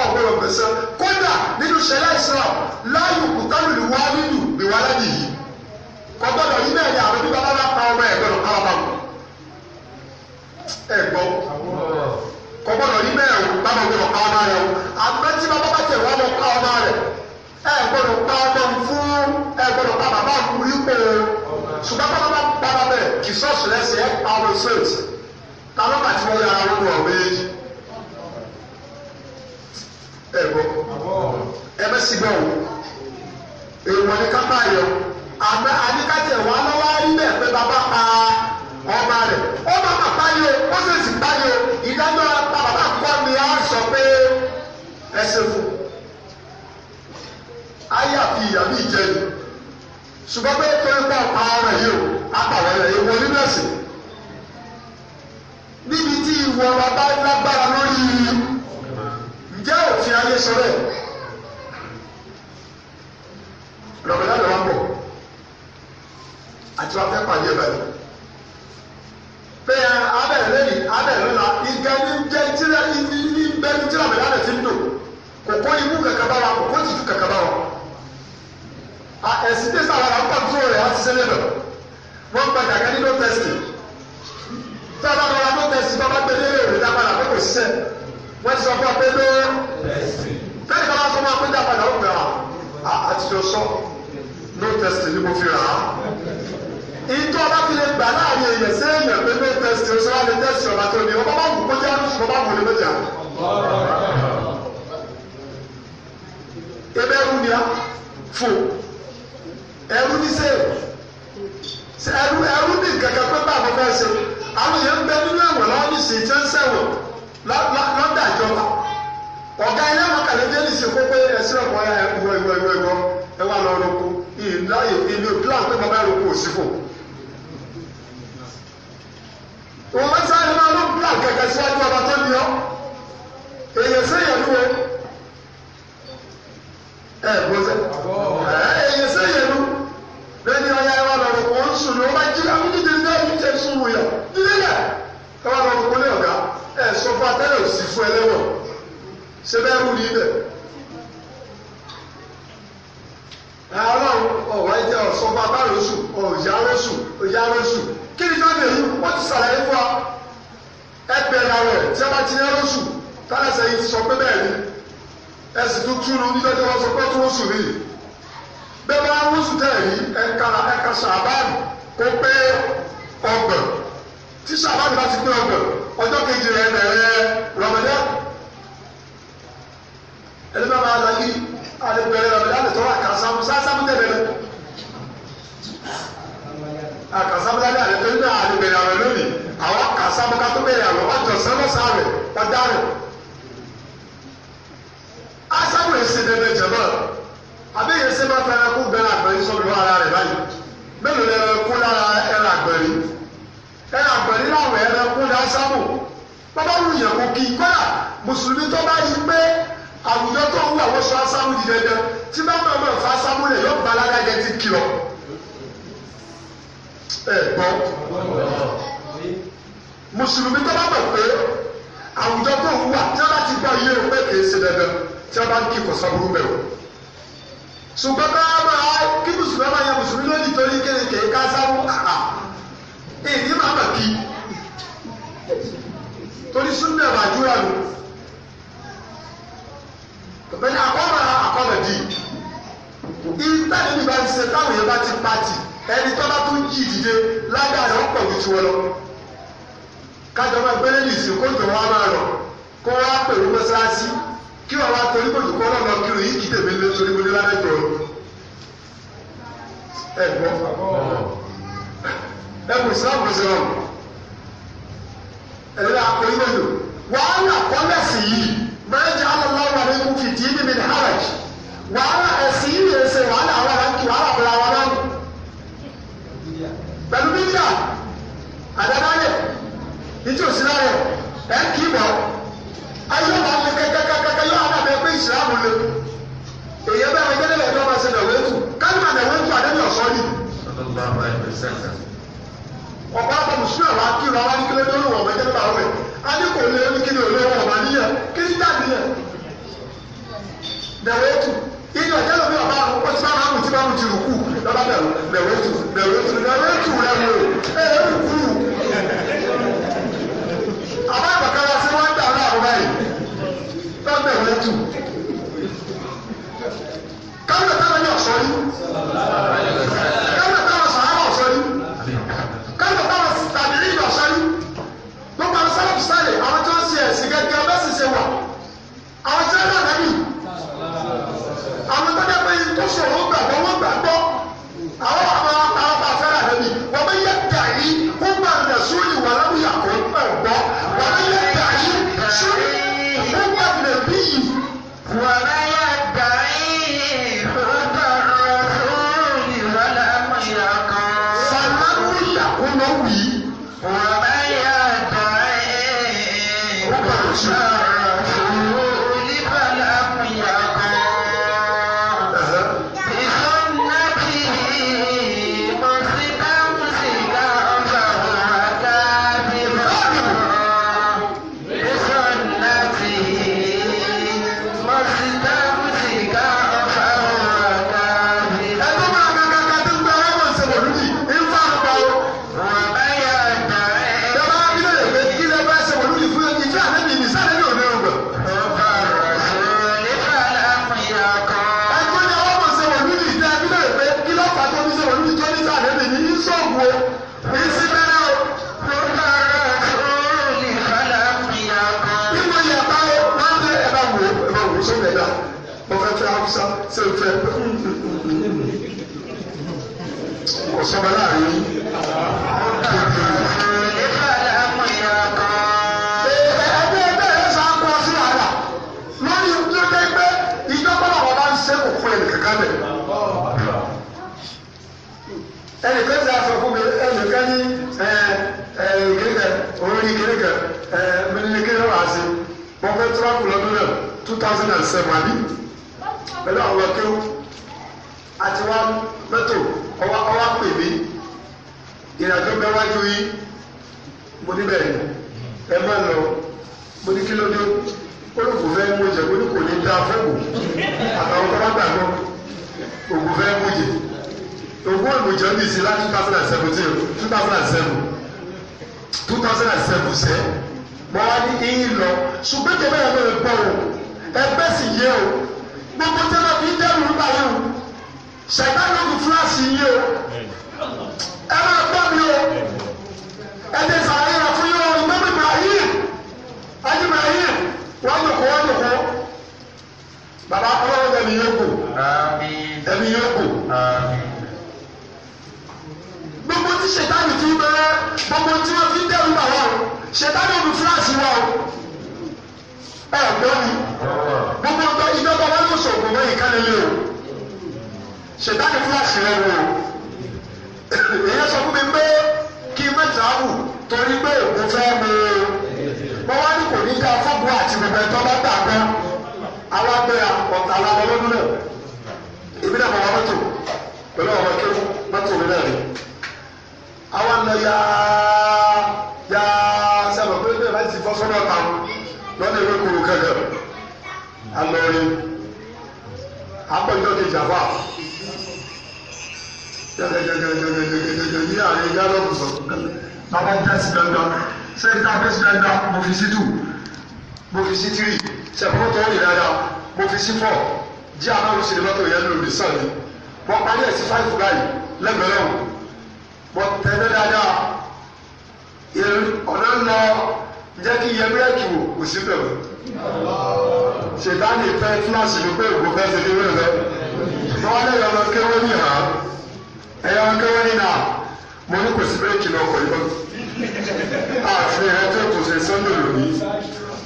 ọ̀gbọ́dọ̀ gbẹ̀sán kódà nínú ṣẹlẹ̀ Islam láàyò kùtàlùlù wá nínú ìwà lẹ́yìn yìí kọ́gbọ́dọ̀ yìí bẹ́ẹ̀ ni àwọn bí bàbá bá pa ọmọ ẹ̀ gbọ́dọ̀ pa ọmọ ẹ̀ gbọ́ kọ́gbọ́dọ̀ yìí bẹ́ẹ̀ o bàbá gbọ́dọ̀ pa ọmọ rẹ̀ o àmọ́ tí bàbá bá tẹ̀ wọ́n lọ pa ọmọ rẹ̀ ẹ̀ gbọ́dọ̀ pa ọmọ fún ẹ̀ gbọ́dọ̀ pa bàbá kú ipò ṣùgbọ́n bàbá bá bàbá bẹ̀ kì sọ́ọ̀sì rẹ̀ sẹ́ àwọn sèǹtì tàbí bàtí wọ́n yára wọn lọ méjì ẹ gbọ́ ẹ bẹ sí o èèwọ̀ ni ká yọ àmọ́ àníkàtì ẹ̀wọ̀ aláwa rí bẹ́ẹ̀ bàbá pa ọba rẹ̀ ó bá bà bá ó sì sì bá ìdájọ́ bàbá kọ́ ni a sọ pé ẹ fún ayé àfi ìyàmí ìjẹyìn ṣùgbọ́n pé torí pọ̀ pa ọ̀rọ̀ yìí o apàwọ̀ rẹ̀ èèwọ̀ nínú ẹ̀sìn níbi tí ìwọ ọba lágbára lórí yìí ǹjẹ́ òfin ayé sọ bẹ́ẹ̀ rọ̀mọ̀dá lọ́wọ́ bọ̀ àti wọn fẹ́ pàdé bẹ́ẹ̀ bẹ́ẹ̀ abẹ́rẹ́ lẹ́yìn abẹ́rẹ́ la ìgbà ní jẹ́ tíra ní ní bẹ́ẹ̀ ní tíra bẹ́ẹ̀ láti ń dùn kò kó imú kankan bá wa kò kó tìjú kankan bá wa a ẹ̀sìn tẹ́sí àwọn àwọn kọ́ńtò rẹ̀ á sẹ́lẹ̀ lọ wọ́n gba gàgà ní no testing tí a bá lọ́ra no testing bá bá gbé lé wọ́n ti sọ fún ọ pé pé fẹ́ẹ́ kí wọ́n sọ fún ọ pé dàgbà náà ó gbà á àtijọ́ sọ no test ni mo fi rà á. ìjọ ọba ti lè gbà láàrin èèyàn sí èèyàn pé no test o sọ wá lè test ọba tó ní ọba bá wù kó jẹ́ àrùn ṣùgbọ́n bá wù lè méjà. ebe ẹrú ni a fò ẹrú ní sè ẹrú ẹrú ní kankan pé báwo fẹ́ ṣe àwọn èèyàn ń bẹ nínú ẹ̀wọ̀n láwọn ní sèé tí ń ṣẹ̀wọ̀n lọ́dà ìjọba ọ̀gá ilé mọ̀kàlẹ́jẹ́ lè ṣe kókó ẹ̀sìn ọ̀pọ̀ ẹ̀wọ̀ ẹ̀wọ̀ ẹ̀wọ̀ ẹ̀wọ̀ ẹ wà lọ roko ìlú plan pé bàbá roko òsì fò. wọ́n máa sáré máa ló plan kẹ̀kẹ́ síwájú ọba tó ní ọ́ èèyàn sẹ́yìn ẹ̀dúró ẹ̀ bó ò sí fún ẹlẹ́wọ̀n ṣé bẹ́ẹ̀ rú ni bẹ́ẹ̀. Ọlọ́run ọ̀wá ìjà ọ̀sán bá bá rẹ̀ sùn ọ̀yá rẹ̀ sùn ọ̀yá rẹ̀ sùn kí ni tó dé yìí wọ́n ti ṣàlàyé fún wa ẹ bẹ̀rẹ̀ rẹ̀ tí a bá ti yẹ rẹ̀ sùn tálẹ̀sẹ̀ yìí ti sọ pé bẹ́ẹ̀ ni ẹ sì túnú nígbà tí wọ́n sọ pé tó sùn nìyí. sallallahu alaihi wasallam. ọ̀pá àpò mùsùlùmí àwọn akírun àwọn akíkélé tó lù wọ̀ mẹ́jẹ́ nípa rẹ̀ a ní kò lè ní kíni òlé wọn ọ̀bà níyà kíni dà níyà. dẹ̀wẹ́tù ìyẹn ọ̀jẹ́ lómi ọ̀bá àwọn ọ̀pọ̀ tí bá máa mú tí bá mú ti rùkù lọ́ba dẹ̀wẹ́tù dẹ̀wẹ́tù dẹ̀wẹ́tù rẹ̀ ẹnì kan ti aṣọ fún mi ẹnì kan ní ẹ ẹ ìkéríkà òun ní ìkéríkà ẹ mílíọnù kéríkà wà sí wọn fẹẹ tíráàpù lọ́dún náà two thousand and seven àbí pẹ̀lú àwọn ọkẹwò àti wa mẹtò ọwá ọwá pè mí ìrìnàjò bẹ wájú yìí mo níbẹ̀ ẹ má lọ mo ní kí ló dé olùkù fẹ́ mú jẹ olùkù ní dáa fún òkú àtàwọn tó bá gbàgbọ́ òkú fẹ́ mú jẹ ògùn ìmùjọ ní ìsìn láti two thousand and seventeen two thousand and seven two thousand and seven sẹ́ mọ́ wá ní ìyìn lọ ṣùgbọ́n tẹ̀lé ẹ̀ lọ́ọ́ gbọ́ o ẹgbẹ́ sì yé o gbogbo tẹ́lẹ̀ fi dẹ́rù nígbà yẹn o ṣẹ̀dá ló fi fúláṣì yé o ẹ máa gbọ́ mi o ẹ ti sàárẹ̀ rẹ̀ fún yín o ìgbẹ́bí Ibrahim ẹni Ibrahim wọ́n lò kó wọ́n lò kó bàbá ọlọ́run ẹni yóò kù ẹni yóò kù gbogbo tí ṣètánì ti bẹ̀rẹ̀ gbogbo tí wọ́n fi dẹ́rù bà wá o ṣètánì òbí fúláàsì wá o ẹ gbọ́ mi gbogbo nǹkan iná bá wọn yóò sọ̀rọ̀ wọ́n yìí kálẹ̀ lé o ṣètánì fúláàsì rẹ wò o èyí sọ fún mi pé kí n mẹ́ta wù torí pé òkú fẹ́ mi mo wá ní kò ní ká fọ́ọ̀bù àti bẹ̀bẹ̀ tó bá gbà gbọ́ àwọn agbẹ́ra ọ̀tà làwọn ọlọ́dún náà ìbílẹ̀ mọ̀ wọn mọ́tò pẹ̀lú àwọn akéwù mọ́tò mi náà ni àwọn àna yá yá sábà pé bẹ́ẹ̀ bá ti fọ́ sọ́dọ̀ ta lọ́nà ìwé kúrò kankan alọ́rin apẹ̀jọ́ ti jàpá jẹjẹjẹjẹjẹjẹjẹjẹ ní àárín ìyá lọ́kùn sọ bàbá jásí dandan sẹ́ńtà fẹ́sí dandan mo fi sí tù mo fi sí tírì sẹ́kọ̀ọ́ tó yẹ dáadáa mo fi sí fọ́ jí àbáwọ̀ sinimá tó yẹ lórí sàn ni wọ́n parí ẹ̀ sí fáìfù báyìí lẹ́gbẹ̀ẹ́ lọ́wọ́ bọ̀ tẹ̀lé dáadáa ọ̀nà ń lọ jẹ́ kí iye bírèkì wò kò sí bẹ̀rù ṣètánì fẹ́ fúláṣì ló pé òkú fẹ́ ṣe kéwé rẹ̀ lọ́wọ́ lè yọ lọ kéwé ní hàn ẹ yọ kéwé ní nà mo ní kò sí bírèkì lọ kọ̀ yọ àti ẹ̀ tó kò ṣe sunday lónìí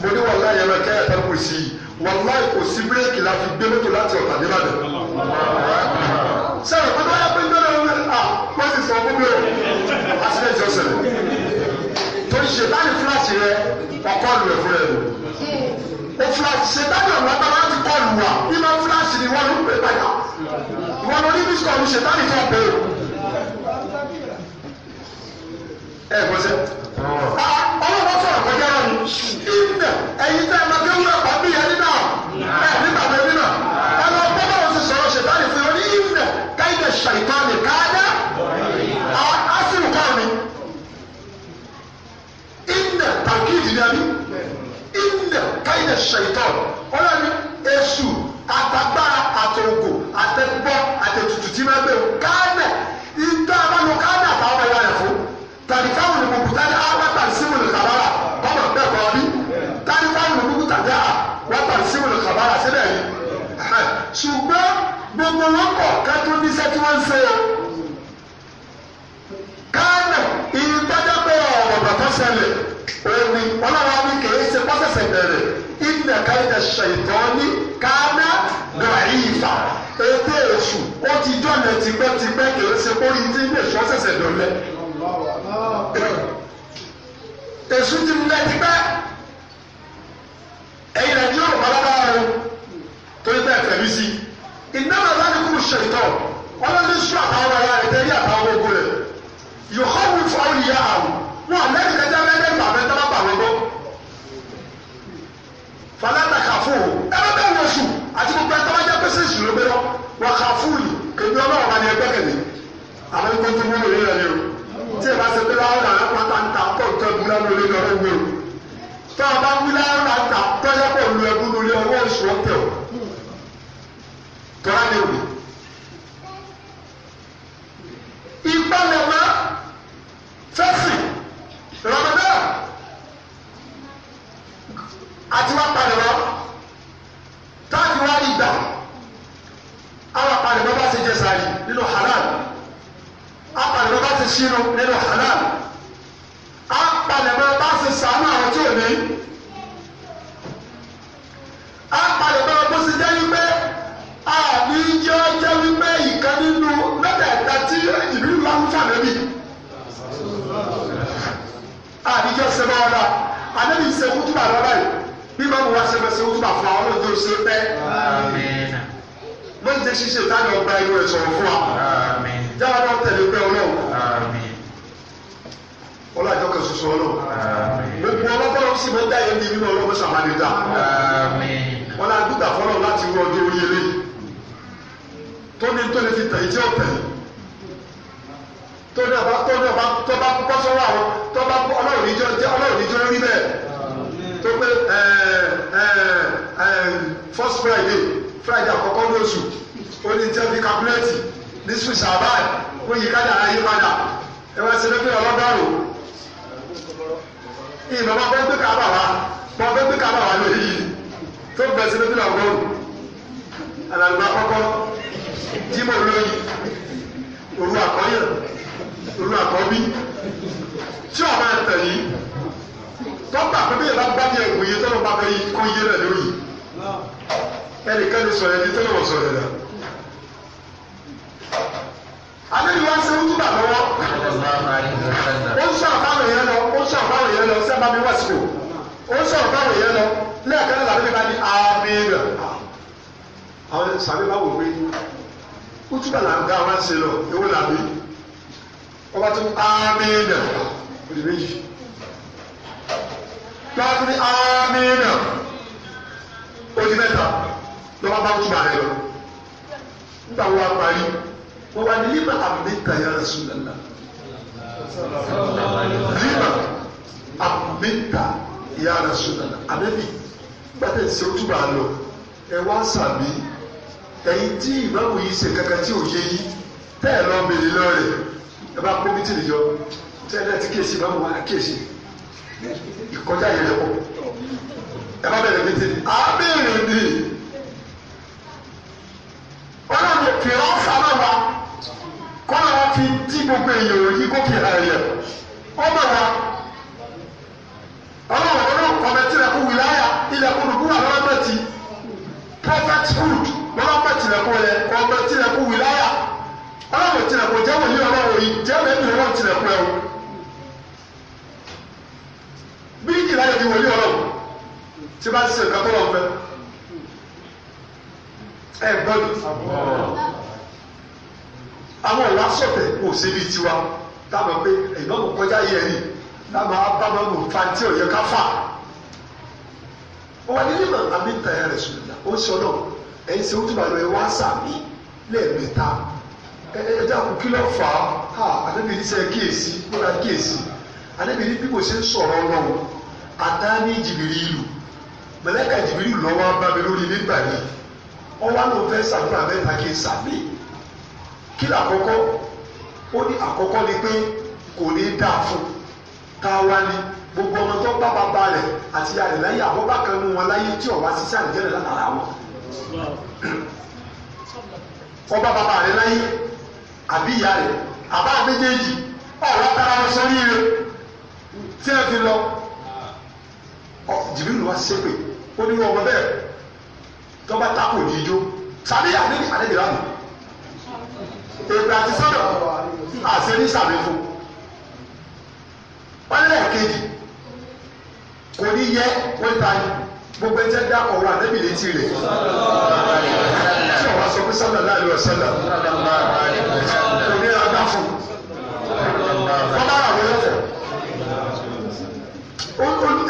mo ní wọ́n láyé lọ kẹ́ ẹ̀ kò sí wàláì kò sí bírèkì la fi gbé mọ́tò láti ọ̀tà níbàdàn sẹ́yìn pátá sọ gbogbo rẹ̀ accident yọ ṣẹlẹ̀ tó ń ṣe láti rẹ ọkọlù rẹ fúnra o fúláṣì ṣe tábìlì ọ̀nà bàbá ti kọlù wa nínú fúláṣì ni wọ́n ló ń pè padà ìwọ ló ní bísí kọlù ṣe tábìlì tó o. ẹ ẹ gbọ́sẹ̀ ọlọ́wọ́ sọ̀rọ̀ kọjá lọ́nu ẹ̀yin tẹ́ ẹ máa kéwú ẹ̀kọ́ bí ẹni ṣètọ́n ọlọ́ni èṣù àtàgbára àtòògùn àtẹgbọ́ àtẹtutù tí máa gbé o káàdẹ̀ ìtọ́ abánu káàdẹ̀ àtàwọn ọmọ ìyá rẹ̀ fún tàbí káwọn olùkùnkùn tàbí awátà símùlù kàbárà bọ́mọ̀ bẹ́ẹ̀ kọ́ bí tàbí káwọn olùkùnkùn tàbí awátà símùlù kàbárà síbẹ̀ ni ṣùgbọ́n gbogbo wọn kọ̀ ká tó níṣẹ́ tí wọ́n ń ṣe o káàdẹ̀ ìtọ́jọ́ pé ọ̀rọ̀ bàtọ́ ṣẹlẹ̀ òní ọlọ́wọ́ ní kìí ṣe pọ́sẹ̀sẹ̀ bẹ̀rẹ̀ ìdílé káyidà ṣètọ́ ní káná lọ́ọ̀rì ìfà ètò èṣù ó ti jọ̀nà tipẹ́tipẹ́ kìí ṣe kórìí tí ilé ìṣọ́ ṣẹ̀ṣẹ̀ dọ̀lẹ́. èṣù ti mú ẹtipẹ́ ẹ̀yin rẹ̀ yóò balaba o torí bẹ́ẹ̀ fẹ̀mí sí i iná bàbá ní kúrú ṣètọ́ ọlọ́ni sùn àtàwọn ará rẹ̀ tẹ́lẹ̀ àtàwọn ogun rẹ̀ yòókù fáwọn ìyá wọn àlẹ́bí kẹjá bẹ́ẹ̀ bá bẹ́ẹ̀ tọ́lá bàwẹ́ bọ́. falata kàfó ẹ bá bẹ́ẹ̀ wọ sùn àti gbogbo ẹ tọ́lá jẹ́ pèsè sùn ló bẹ́ lọ wà kàfó yìí kẹjọ ọlọ́wọ́ bá ní ẹgbẹ́ kẹ̀lé àwọn ikú tó wúlò yẹn lẹ́nu tí ẹ bá ṣe pé láwọn àwọn pátá ń ta pọ̀ tó ẹgbẹ́ lọ́wọ́ lé lọ́wọ́ gbé o tó o bá wí láwọn àwọn ta tọ́jà pọ̀ lu ẹgbẹ́ lórí ọwọ́ ìṣòwò tẹ̀ o tọ́lá ní òbí. ìgbà mẹ́wàá fẹ́sìn mi ẹ̀yin tí ìmáàmù yìí ṣe kankan tí ò yé yìí tẹ́ ẹ̀ lọ bèrè lọ́rẹ̀ ẹ bá kó mítì nìjọ tí ẹ̀ ti kíyèsí ìmáàmù wa kíyèsí ìkọjá yẹn lẹ́kọ̀ọ́ ẹ bá bẹ̀rẹ̀ mítì àbẹ̀rẹ̀ ni ọlọ́run fi ọ́ sábà wa kọ́lá wa fi dí gbogbo èèyàn yìí kó fi hàn yẹn ọmọ wa ọlọ́run ọlọ́run kọ̀mẹ́tì rẹ̀ kó wìláyà ilẹ̀ kó dùkú àwọn ọmọ fatihud bọ́lá ọmọ tìlẹ̀kùn rẹ ọmọ tìlẹ̀kùn wìláyà ọlọ́mọ tìlẹ̀kùn jẹ́ wòlíì ọlọ́wọ́ yìí jẹ́ mẹ́bí ọlọ́wọ́ tìlẹ̀kùn rẹ o bíríkì láyé di wòlíì ọlọ́wọ́ tí bá ti ṣe nǹkan lọ fẹ́ ẹ gbọ́dọ̀ àwọn ìwà sọ̀tẹ̀ kò sí tiwa táwọn pé ìnáwó kọjá yẹ ni táwọn abáwọn mú fa tí ò yẹ ká fà ọwọ́ ní mímọ̀ àmì tàn ẹ̀ rẹ̀ sùnìyà ó sọ náà ẹ̀yin ṣe wútùbà lọ ẹ wá sàmì lẹ́ẹ̀mẹ́ta ẹ ẹ dákun kí ló fà á àdébí ní sẹ kíyèsí múra kíyèsí àdébí ní bí mo ṣe ń sọ̀rọ̀ ọlọ́run àtàní jìbìrì ìlú mẹlẹ́kà jìbìrì ìlú lọ́wọ́ bá mi lórí nígbà yìí ọwọ́ ló fẹ́ sàdúrà mẹ́ta kí n sàmì kí ló àkọ́kọ́ ó ní àkọ́kọ́ ni pé kò ní dáa fún táwa ni gbogbo ọmọ tó bá bàbá rẹ̀ àti ìyá rẹ̀ láyé àbọ̀ bá kan nú wọn láyé tí ọba ṣiṣẹ́ àlùjẹ́rẹ̀ látara wọn. ọba bàbá rẹ̀ láyé àbí ìyá rẹ̀ àbá méjèèjì ọ̀rọ̀ tara wọn sọ níire tí ẹ fi lọ jìbìrì wa ṣépè ó ní ọmọ bẹ́ẹ̀ tó bá tako ìdíjó sàbí àdébì àdébì lánà èpè àti sọ́dọ̀ àṣẹ ní sàbẹ̀ fún wọn lẹ́ẹ̀kejì kò ní yẹ kó ta gbogbo ẹjẹ dá ọ̀rọ̀ àdébì létí rẹ̀ tí ọ̀rọ̀ sọ pé sọ́dọ̀ náà lọ sọ́dọ̀ kò ní ra gbá fún wọ́n bá rà wọlé fẹ̀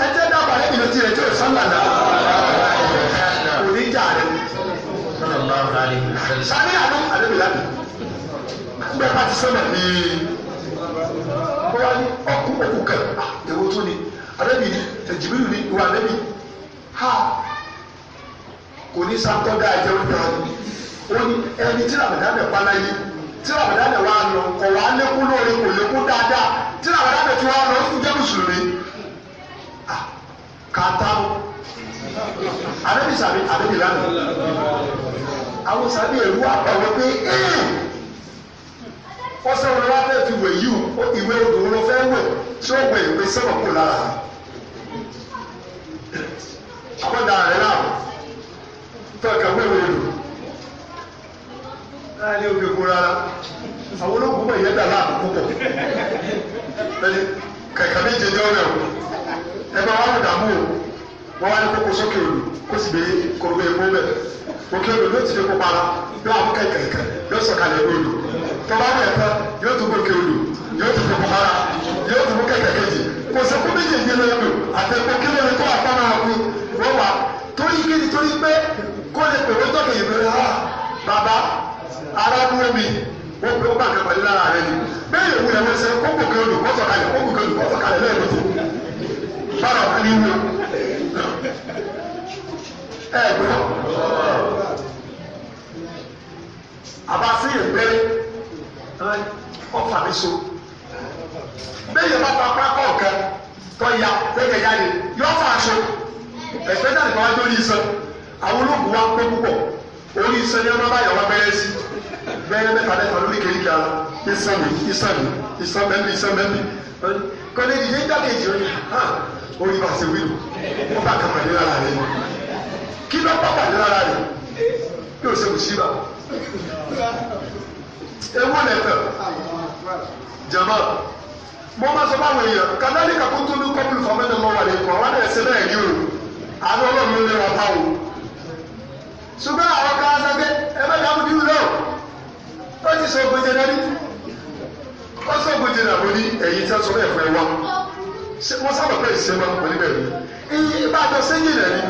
ẹjẹ dá ọ̀rọ̀ àdébì létí rẹ̀ tí ọ̀rọ̀ sọ́dọ̀ náà kò ní jà rẹ̀ sani àdó àdébì lábì gbẹ pàtí sọ́dọ̀ ní. ní sáńtọ́dá àjẹ oúnjẹ ọdún ó ẹni tí ramadan bẹ̀ pálá yìí tí ramadan bẹ̀ wá lọ kọ̀ wá lékún lóore kò lékún dáadáa tí ramadan bẹ̀ tí wá lọ ó tún mùsùlùmí kàtà àdébí sàbí àdébí lánàá àwọn sàbí ẹ̀rú àpàwọ̀ pé ọ̀sẹ̀ wọn wá fẹ́ fi wẹ̀ yìí o ìwé odò wọn fẹ́ wẹ̀ tí ó wẹ̀ ìwé sẹ́wọ̀n kò lára àbọ̀dà rẹ̀ náà kankan wíwo èlò láàrin òkè kó rárá àwọn olóògùn mọ̀ ìyẹ́dà láàbù púpọ̀ lẹ́yìn kankan méje ní o ẹ bá wà ní dààmú o wọ́n wá ní kókó sókè òlù kó sì gbé kórógbé epo bẹ̀ òkè òlù ló ti fi kópa la yóò àwọn kẹ̀kẹ̀kẹ̀ yóò sọ̀kalẹ̀ òlù tó bá wẹ̀ tán yóò tún gòkè òlù yóò tún fi kópa la yóò tún mú kẹ̀kẹ̀kẹ̀ jì kò sí kó méje ìdílé lò àtẹ̀kọ́ kí lóore tó àpá máa kú wọ́n wà torí kí kó lè pèwé tọ́kì ìbéèrè ha bàbá arábúrò mi ó pè ó bá nǹkan pẹ̀lú lára rẹ ni bẹ́ẹ̀ ìwé rẹ̀ wọ́n ṣe ó kò kéwòn kó sọ̀kalẹ̀ ó kò kéwòn kó sọ̀kalẹ̀ lẹ́ẹ̀mejì bára wà ní wúlò ẹ gbọ́ àbáṣe ìbéèrè ọ̀fà mi so bẹ́ẹ̀ yẹn bá pa pákó ọ̀kẹ́ tọ́ ya tẹ́kẹ̀ yá ni yọ fà so ẹ̀fẹ́ dàgbà wájú ní sọ àwọn olóògùn wa ń pé púpọ̀ orí iṣẹ́ ní ọmọ báyọ̀ wá bẹ́rẹ́ sí bẹ́rẹ́ mẹ́ta mẹ́ta lórí kéríkà ìsàmì ìsàmì ìsàmẹ́mí ìsàmẹ́mí kọ́lé ìdílé jákèjì orí hàn orí bá ṣe wílò wọ́n bá kàmá ní lára rẹ̀ kí ló bá pàdé lára rẹ̀ yóò ṣe mùsíbà ewu lẹ́fẹ̀ jama mo máa sọ fáwọn èèyàn kàdáníkà kó tó ní kọ́pìlì fọmẹ́tẹ̀ lọ́wọ́ àlẹ́ kọ́ wọn á dẹ̀ ṣe náà yìí o àná ọlọ́run ló lé wọn pa o ṣùgbọ́n àwọn kan sọ pé ẹ bá dàbò bí wúlò ó ti sọ ògbójẹ dání ó sọ ògbójẹ dàbò ní ẹ̀yìn tí wọ́n sọ bẹ́ẹ̀ fún ẹ wá wọ́n sábà pẹ́ ìṣe wọn pẹ̀lú bẹ́ẹ̀ ni iye bá jọ sẹ́yìn rẹ̀ ni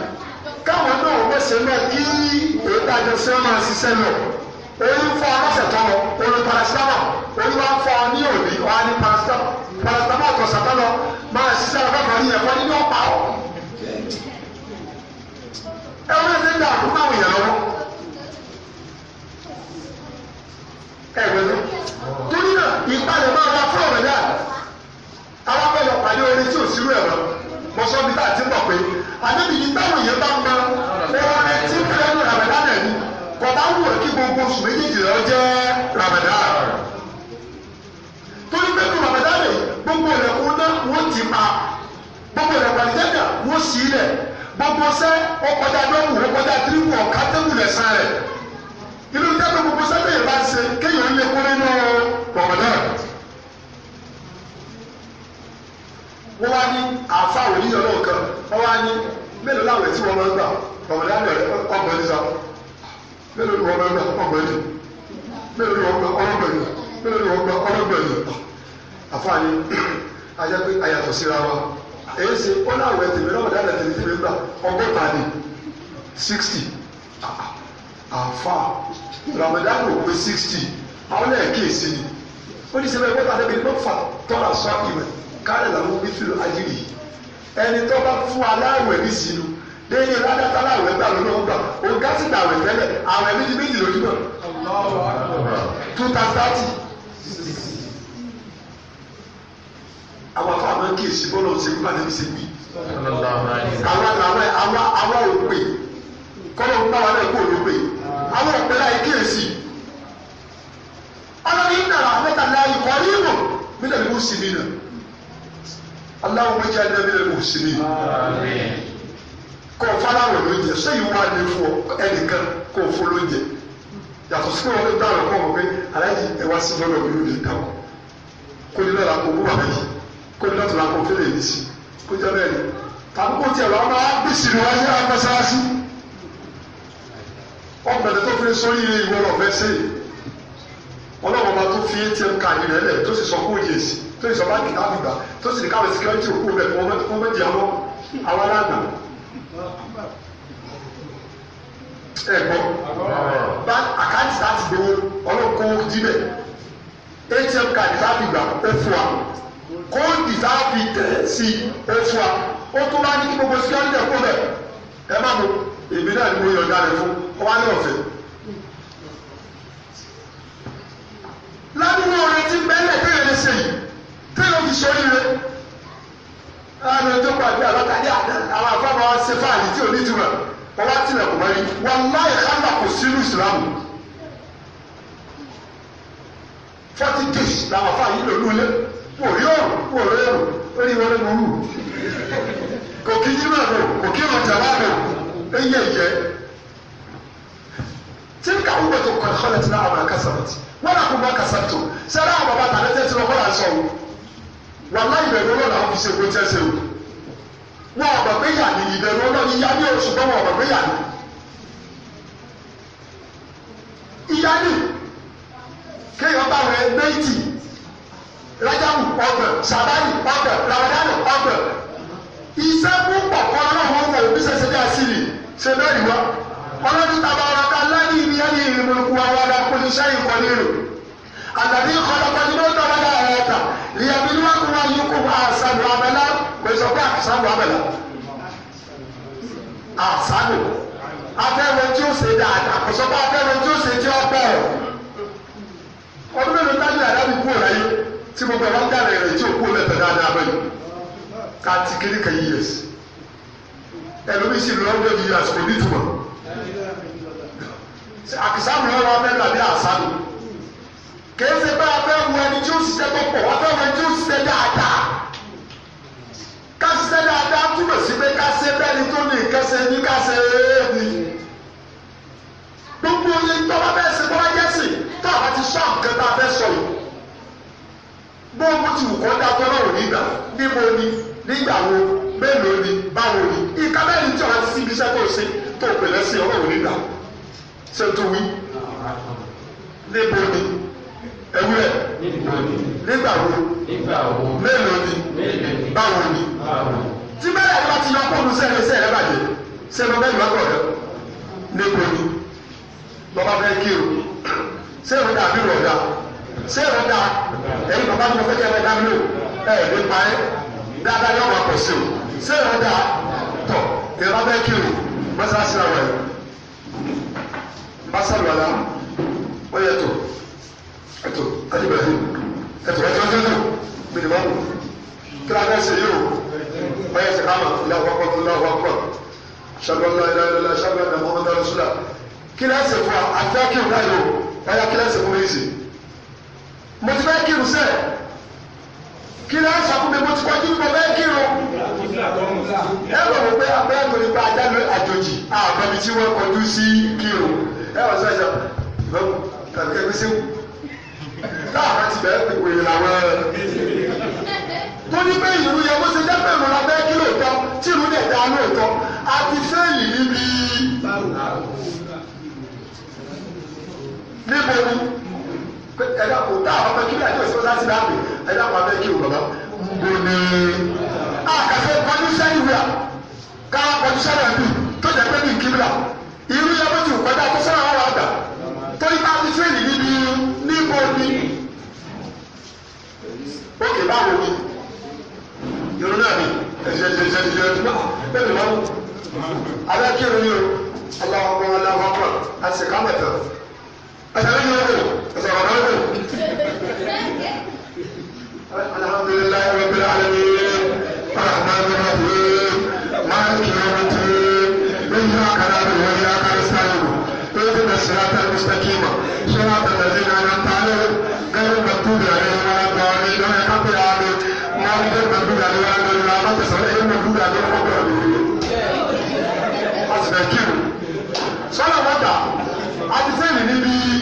káwọn náà wọ́n ṣe náà kí èyí bá jọ sẹ́yìn máa ṣiṣẹ́ náà òun fọ ọlọ́sẹ̀ tọ́lọ òun paracetamol òun máa ń fọ ní òbí ọ̀hání paracetamol paracetamol tọ̀sán tọ́lọ máa ṣiṣẹ́ ọgọ́fà yìí ẹ̀fọ́ nínú ọ ẹ̀wẹ̀ mi torí náà ìpalẹ̀ máa wá fún ọ̀rẹ́ náà àwọn akẹ́lẹ̀ pàdé orin tí ò sírú ẹ̀rọ mo sọ bí táà ti mọ̀ pé àdébí ní táwọn èèyàn bá ń mọ ẹ̀rọ rẹ tí ń fẹ́ ní Ramadan ẹ̀ ní kọ̀ọ̀bá wù ẹ́ kí gbogbo oṣù méjèèjì rẹ jẹ́ Ramadan torí pé kí Ramadan rẹ gbogbo ìrẹ̀kùn náà wọ́n ti pa gbogbo ìrẹ̀kùn àdìjẹ́jà wọ́n sì í lẹ̀ gbogbo sẹ́ ọkọjá dọ́wù ọkọjá tírìwù ọ̀ká tẹ́wù lẹ̀sán rẹ̀ inú tẹ́lẹ̀ gbogbo sẹ́lẹ̀ yẹn bá ṣe kéèyàn lè kó nínú rọ̀mọ̀dán. wọ́n wá ní àáfà òní ọlọ́run kan wọ́n wá ní mélòó láwọn ẹ̀ tí máa ń gbà rọ̀mọ̀dán rẹ̀ ọgbọ̀n ní sọ mélòó ni wọ́n máa ń gbà ọgbọ̀n ní mélòó ni wọ́n gbà ọlọ́gbọ̀n ní mélòó ni wọ́n gbà ọlọ́gbọ̀n ní àáfà ni ajá pé àyàtọ̀ síra wa èyí ṣe ó láwọn ẹ̀ tèmi rọ̀mọ̀dán rẹ̀ tèmi tèmi gbà ọgọ́ta ni sixty àfa ramadan ló pé sixty àwọn ẹ̀kẹ́sì ni ó ní sẹ́wọ́n ẹgbẹ́ tàbí ló fà tọ́lá sọ ìwẹ̀ kálẹ̀ làwọn omi fìlò ajírí ẹni tó bá fún aláwẹ̀ ní sínú lẹ́yìn ládàtà aláwẹ̀ gbà lọ́nà ọgbà ọ̀gá sì dàwẹ̀ tẹ́lẹ̀ àwẹ̀ méjì méjì lójúmọ́ two thousand thirty àwọn afọ àwọn kéèsì bọ́lá ọ̀sẹ̀ nípa ní ṣe gbì àwọn àwọn àwọn òpè kọ́lọ̀ ń bá wa náà kó olóògbé àwọn ìpínlẹ̀ ìkíyèsí ọlọ́ni ìdàrà mẹ́ta láàyè kọ́rí ìmọ̀ mílẹ̀ ló sì mí nà aláwọ̀ méjì ẹ̀dá mílẹ̀ ló sì mí. kò fọláwọ̀ ló jẹ sẹ́yìn wà ní fún ẹnìkan kò fún ló jẹ yàtọ̀ sí wọn dá ọ̀rọ̀ kọ́ pé aláàjì ẹ wá sí lọ́dọ̀ mi lóde dáwọ̀ kó ní lọ́la kó wúwà yìí kó ní lọ́tọ̀ la kó fẹ́lẹ̀ yìí sí kó jẹ́ bẹ́ẹ̀ ni tàbí kó tiẹ̀ lọ́ọ́ ọ̀pẹ̀lẹ̀ tó fi lè sórí ilé ìwọ lọ fẹ́ sí ọlọ́wọ́ bá tó fi atm káàdì rẹ̀ lẹ̀ tó sì sọ kó yè sí tó sì sọ báńkì náà gbà tó sì ní káwé síkírẹ́tì òkú rẹ̀ kó wọ́n méjì àwọn àwọn aláàgbà. ẹ gbọ́ bá àkáǹtì láti gbowó ọlọ́kọ́ jíbẹ̀ atm káàdì láti gbà ó fún wa kóòdì láti tẹ̀ sí ó fún wa ó tún bá ní gbogbo síkírẹ́tì ẹ̀kú rẹ̀ ẹ má bọ̀ èmi náà ni mo yọ̀ọ̀dá rẹ̀ fún ó wá ní ọ̀fẹ́. ládùúgbò orin ti bẹ́lẹ̀ kéèyàn lè ṣe yìí kéèyàn fi ṣorí rẹ. láàrin ọjọ́ pàdé àlọ́kadé àwọn afọ́bà wa ṣe fáàlì tí ò ní ìtura wọ́n wá tilẹ̀ kò wáyé wọn láì kábà kò sínú ìsìlámù. forty days làwọn afọ́ àyè lòlú lé wò rí ọ̀rùn wò rí ọ̀rùn ó ní ìwọlé mọ́rù kò kí jí náà lò kò kí ọ̀jà wà lò ó yẹ ìjẹ́ tilka ummatun qad khalat laha ma kasabat wa lakum ma kasabtum sẹ́rẹ́ àwọn bàbá tàbí tẹ́tí lọ́kọ́ là ń sọ o wàláhì ìbẹ̀rù ọlọ́run àwọn fi ṣe kó se o wọn ọ̀gbọ̀n pé yà ní ìbẹ̀rù ọlọ́run ìyá ní oṣù gbọ́n wọn ọ̀gbọ̀n pé yà ní. ìyá ní kéèyàn bá rẹ méjì rájàmù ọgbọ̀n sàbáyì ọgbọ̀n làwọ̀dánù ọgbọ̀n ìṣẹ́ púpọ̀ kọ́ ọlọ́run ọgbọ̀n òbí ṣẹṣẹ bí a sì rí ṣe bẹ́ẹ̀ ni wọ́n ọlọ́dún tabaraka alladhi biyadihi al-mulku wa huwa ala kulli shay'in qadir alladhi khalaqa al-mawta wal-hayata liyabluwakum ayyukum ahsanu amala gbèsòkè ahsanu amala ahsanu afẹ́wọ̀ tí ó ṣe dáadáa àkọsọ́kọ́ afẹ́wọ̀ tí ó ṣe tí ó pọ̀ ọdún mélòó tájú àdábì kú ọ̀rọ̀ ayé tí gbogbo ẹ̀rọ ń dàrẹ̀ rẹ̀ tí ó kú lẹ́tọ̀ dáadáa bẹ́ẹ̀ káàtì kiri kan yíyẹsì ẹlòmíì sì lọ́wọ́ bí àsìkò nítumọ̀ àkìsàmù yẹn wọn fẹ́ tàbí àṣàlù kìí ṣe pé a fẹ́ wọ ẹni tí ó ṣiṣẹ́ tó pọ̀ wọ́n fẹ́ wọ ẹni tí ó ṣiṣẹ́ dáadáa ká ṣiṣẹ́ dáadáa túbọ̀ sí pé ká ṣe bẹ́ẹ̀ni tó ní ìkẹsẹ̀ ní ká ṣe é ní gbogbo oye tó bá fẹ́ ṣe bọ́lá jẹ́sì tó àbá ti sọ àǹkẹ́ tá a fẹ́ sọ yìí bó o ti wù kọ́ dá tọ́lá òní gbà níbo ni nígbà wo mélòó ni. fẹ́ sí ọlọ́run nígbà ṣé tó wí níbo ni ewúrẹ́ nígbà wo mélòó ni báwo ni tí bẹ́ẹ̀ yẹn bá ti yọ kóòdù sẹ́yìn sẹ́yìn rẹ bàjẹ́ sẹ́yìn bẹ́ẹ̀ yọ kọ̀ rẹ níbo ni bàbá bẹ́ẹ̀ kí o sẹ́yìn dàbí rọ̀dà sẹ́yìn rọ̀dà ẹ̀yin bàbá mi fẹ́ kí ẹ bẹ́ẹ̀ dá mi lò ẹ̀ ẹ̀ nípa ẹ̀ dáadáa yọ̀ wà pọ̀ sí o sẹ́yìn rọ̀dà tọ̀ ẹ̀ bá bẹ́ẹ̀ kí o basa sira wẹ basa wala o yẹ to ẹto kati bẹ fi ẹto ẹto ẹto ẹto minima kira bẹ se yi o bẹ yẹ se k'a ma la wa kọ la wa kọ sabula la la la sabula la mọgọ da rasu la kira se fọ a fẹ kiri n'a ye o a y'a kira se fọ yi se mọtibẹ kiri sẹ kí ló ń sàkúnbẹ mo ti tọ́jú pọ̀ bẹ́ẹ̀ kí o. ẹ wọ̀ wọ́n pé abẹ́ àtòrí pa ajá lọ àjòjì àbẹ̀bí tí wọ́n kọjú sí kí o. ẹ wọ̀ sọ́jà lọ́mù tàbí kẹ́kẹ́ sí wù. káàbá ti bẹ̀rẹ̀ pé wèrè làwọn ẹ̀rọ. tó ní pé ìlú yẹ bó ṣe dẹ́pẹ̀ mọ́ abẹ́ kí lóòótọ́ tí ìlú dẹ̀ dáa lóòótọ́ a ti fẹ́ẹ̀lì níbi. níbo ẹ̀dá kò tá àwọn ọmọ kílíà tó ìṣòro láti dáàbò ẹ̀dá kò abẹ́ kí o bàbá ń bo ní. a kàfẹ́ kọjú sẹ́yìn wíwá ká kọjú sẹ́yìn àbí tó jẹ́ pé ní kíbla irú yẹn bó ti kọjá tó sẹ́yìn àwọn àgbà tó ní bá fi tírèlì níbi níbo ni. òkè báwo ni irun náà ni ẹ̀ṣẹ̀ ẹ̀ṣẹ̀ ẹ̀ṣẹ̀ ẹ̀ṣẹ̀ ẹ̀ṣẹ̀ bẹ́ẹ̀ ni wọ́n abẹ́ kí o ní o aláwọ̀ bọ́ aláwọ̀ bọ́ àṣekámẹ́tọ̀ sọ́nà mọ́ta àti sẹ́yìn níbi.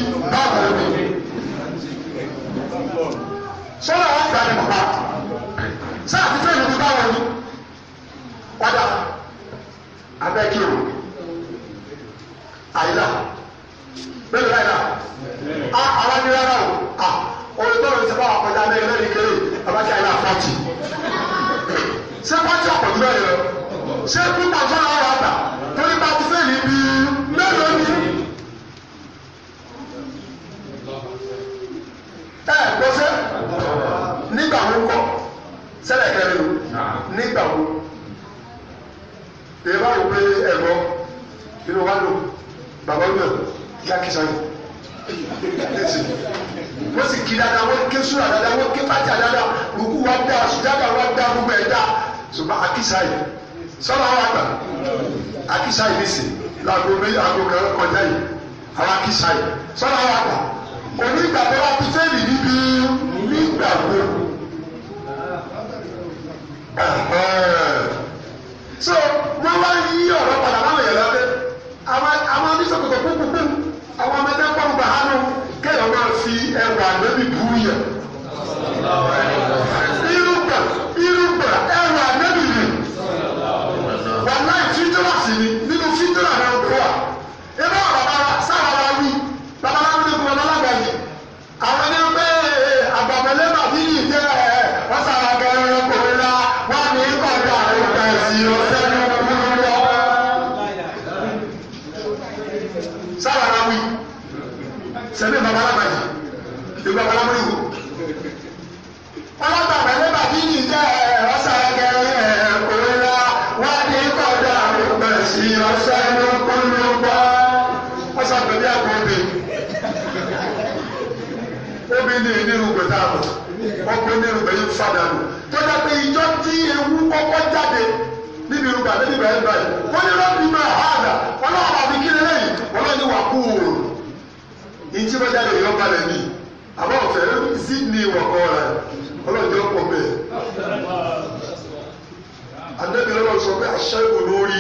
anabi ọlọ́run sọ pé àṣẹ kò lórí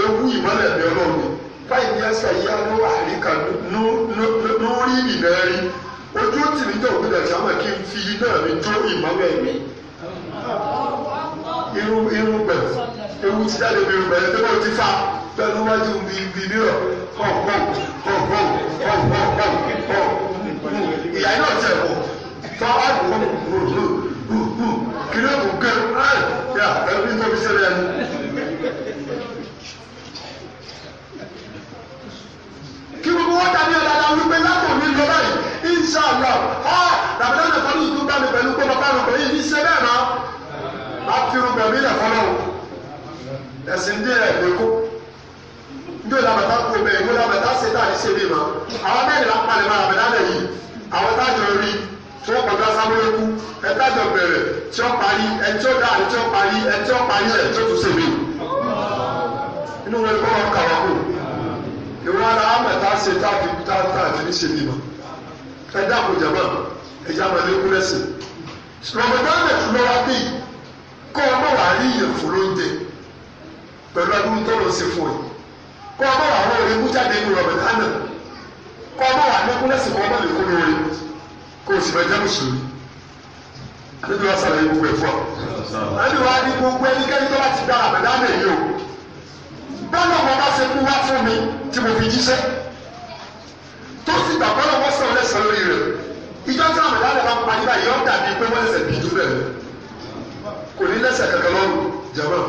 ewu ìmọ̀lẹ̀ mi ọlọ́run báyìí ní ẹsẹ̀ yá ló àríkà lórí ìbìlẹ̀ rí ojú ó tì mí jẹ́ òkúta tí a máa kí n fi iná mi jó ìmọ̀lẹ̀ mi irun irun bẹ̀ ewu ti jáde mi rùbẹ̀ ẹ̀ tẹ́wọ́ ti fa bẹ́ẹ̀ ló wájú mi bí mírọ̀ kọ̀ọ̀kọ̀ kọ̀ọ̀kọ̀ kọ̀ọ̀kọ̀ kọ̀ọ̀kọ̀ ìyá iná tẹ̀ wọ̀ fọ́ àdúgbò insha Allah ọ ah, dàbí lọ́nà kan ní ìlú bá pẹ̀lú pé bàbá mi pẹ̀lú yìí ṣe bẹ́ẹ̀ náà bá fi irun bẹ̀rù ilẹ̀ fọlọ́ o ẹ̀sìn dí ẹ̀ lẹ́kọ́ ndóyè làbàtà kú ọmọ ẹ̀ wọlé àbàtà ṣe tá à ní ṣe bí ma àwọn mẹ́rin là ń palẹ̀ mọ́ àbẹ̀dá lẹ̀ yìí àwọn tájọ rí tí wọ́n kọjá sábúlé kú ẹ tájọ bẹ̀rẹ̀ tí ó parí ẹ tí ó dá ẹ tí ó parí ẹ tí ó parí ẹ tí ó tún ṣe bí inú rẹ kọ́ wọn kàwá kù ìwọ́n ara àbẹ̀tà ṣe tá à ní ṣe bí ma ẹ dáàbò jàmọ́ ẹ̀yà máa lé kú lẹ́sìn rọmọdán lè fún lọ́wọ́ bí kọ́ ọ mọ̀ wá rí ìyẹn fún lóúnjẹ pẹ̀lú ọdún tó lọ sí fún ẹ kọ́ ọ mọ̀ wá wọ́n orí kú jáde ní rọmọdán náà kọ́ ọ mọ̀ wá lé kú lẹ́sìn kọ́ ọ lè kú lórí kó o sì fẹ́ jẹ́ mùsùlùmí níbi wọ́n sọ̀rọ̀ yìí gbogbo ẹ̀fọ́ ẹni wàá ní gbogbo ẹnikẹ́ni tó bá ti gba àmàlà náà o bẹ́ẹ̀ ni ọmọ bá ṣe kú wá fún mi tí mo fi jíṣẹ́ táàsì ìgbàgbọ́ náà wọ́n sọ̀rọ̀ lẹ́sọ̀ọ́ lórí rẹ̀ ìjọ tí àwọn ìdáná bá parí báyìí yọ̀ọ́ dàbí pé wọ́n lẹ́sẹ̀ bíi dúró rẹ̀ kò ní lẹ́sẹ̀ kankan lọ́rùn jẹ̀mọ́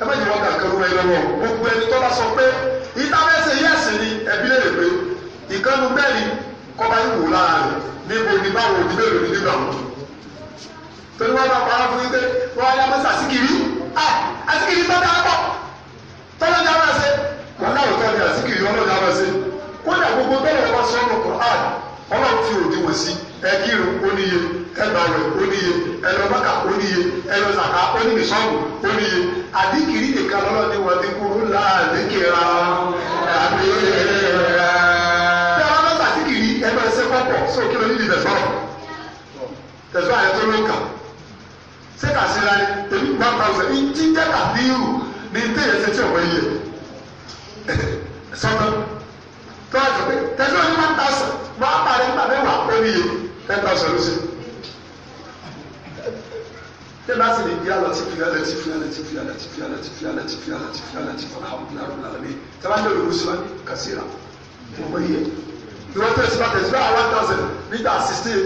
ẹ má yìí wọ́n kà kẹrù ẹ lọ́wọ́ gbogbo ẹni tó bá sọ pé ìta mẹ́sẹ̀ yẹ́sì ni ẹbí lè pé ìkànnù bẹ́ẹ̀ni kọ́ba yìí wò lára rẹ̀ níbo ni báwo ni bẹ́ẹ̀ lóni nígbà wọn. torí wọn bá para fún yíké wọn á yá mẹ́sà síkìrì ah àsìkìrì tó dáa pọ̀ tọ́lá dáa máa ṣe wọn náà wò kọ́ ni àsìkìrì ọlọ́dàá kódà gbogbo bẹ́ẹ̀ kọ́ sọ́nù Quran ọlọ́run ti òdiwọ̀n sí ẹgírun oníye ẹgbàwẹ̀ oníye ẹlọ́mọ́kà oníye ẹlọ́sàkà onímìsọ́ọ̀mù oníye àdìkìrí nìkan lọ́lọ́ni wọ́n ti kúrú láàdékèrà àbí ẹ̀rẹ́rẹ́rẹ́. dáhùn lọ́sà àdìkìrí ẹgbẹ́ ẹsẹ̀ pọ̀pọ̀ sókè lórí ìdìbẹ̀ sọ̀rọ̀ tẹ̀sán àyẹ̀ tó ló ń sí láyé èmi one thousand ní jíjẹ́ kàbíyù ní téèyàn ṣe tí ò káàdì pé tẹ̀sán ní one thousand wọ́n á parí nígbà mẹ́wàá lórí yìí ten thousand ló ṣe. Tí bá sì lè gbé àlọ́ ti fi àlọ́ ti fi àlọ́ ti fi àlọ́ ti fi àlọ́ ti fi àlọ́ ti fi àlọ́ ti fi àlọ́ ti fi alhamdulilayi rabbil alamin. Tẹ́lá ní olùkúsíwá kàṣírà. Mo mọ iye ìwọ tó ìsúná tẹ̀síwá one thousand nígbà sixteen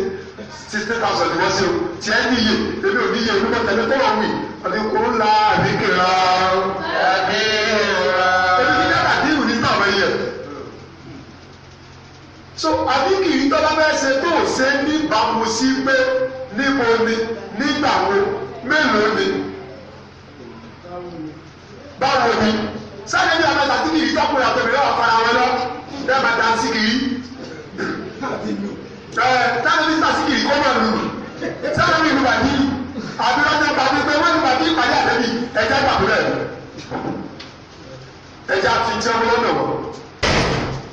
sixteen thousand ni wọ́n ṣe o tiẹ̀ níye èmi ò níye èmi kò tẹ̀lé tó lọ wì ọ̀dẹ̀ kúrú la àbí kìlá. àbí kìlá. so àbí kì í tọ́lá bẹ́ẹ̀ ṣe tó ṣe níbàámu sí pé níbo ni nígbà wo mélòó ni báwo ni sáré ní abẹ́ta tí kì í tọ́kùn yàtọ̀ mi lọ́wọ́ fara wọn lọ dẹ́gbà dá sí kì í ẹ̀ sáré ní sàsí kì í kọ́ mọ̀ lù sáré ní ìlú bàbí àbí lọ́jọ́ bàbí pé wọ́n ní bàbí ìpàdé àtẹ́bí ẹ̀jẹ̀ gbàgbọ́ rẹ̀ ẹ̀jẹ̀ àti ìjẹun lọ́nà wọ̀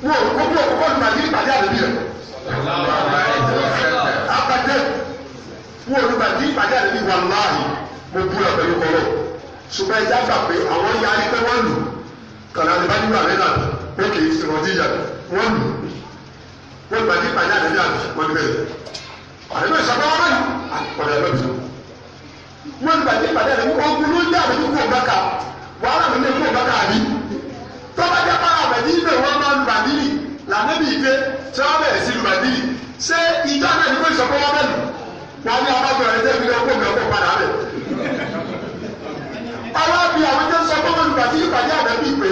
wọn ò kó bó kó nà yí ìpàdé àlè bíyẹn abadé wọn ò nà yí ìpàdé àlè bíyẹn wàláhì mo bú ẹ pẹ̀lú kọlọ ṣùgbọ́n ẹja gbà pé àwọn ya ayé pé wọn lù kàlà ní bá nínú àlè náà ó kì í sọ̀rọ̀ díjà wọn lù wọn nà yí ìpàdé àlè bíyẹn wọn ni bẹ́ẹ̀ àlè bẹ́ẹ̀ sọ pé wọn lù àkọlẹ ẹ lọbi ìpàdé àlè tọ́lájà para bẹ̀dí ibẹ̀ wọ́n máa lu bàdìrì lànà bí ife tí wọ́n bẹ̀rẹ̀ sí lu bàdìrì ṣé ìjọ náà ní kó ìsọ̀kọ́ wọn bẹ̀ lù wọn ní abájọ rẹ̀ tẹ́ fi lọ kó mi ọkọ̀ padà rẹ̀. ọwọ́ bí àwọn tó ń sọ fún mi bàdìrì pàdé àbẹ̀ bí pé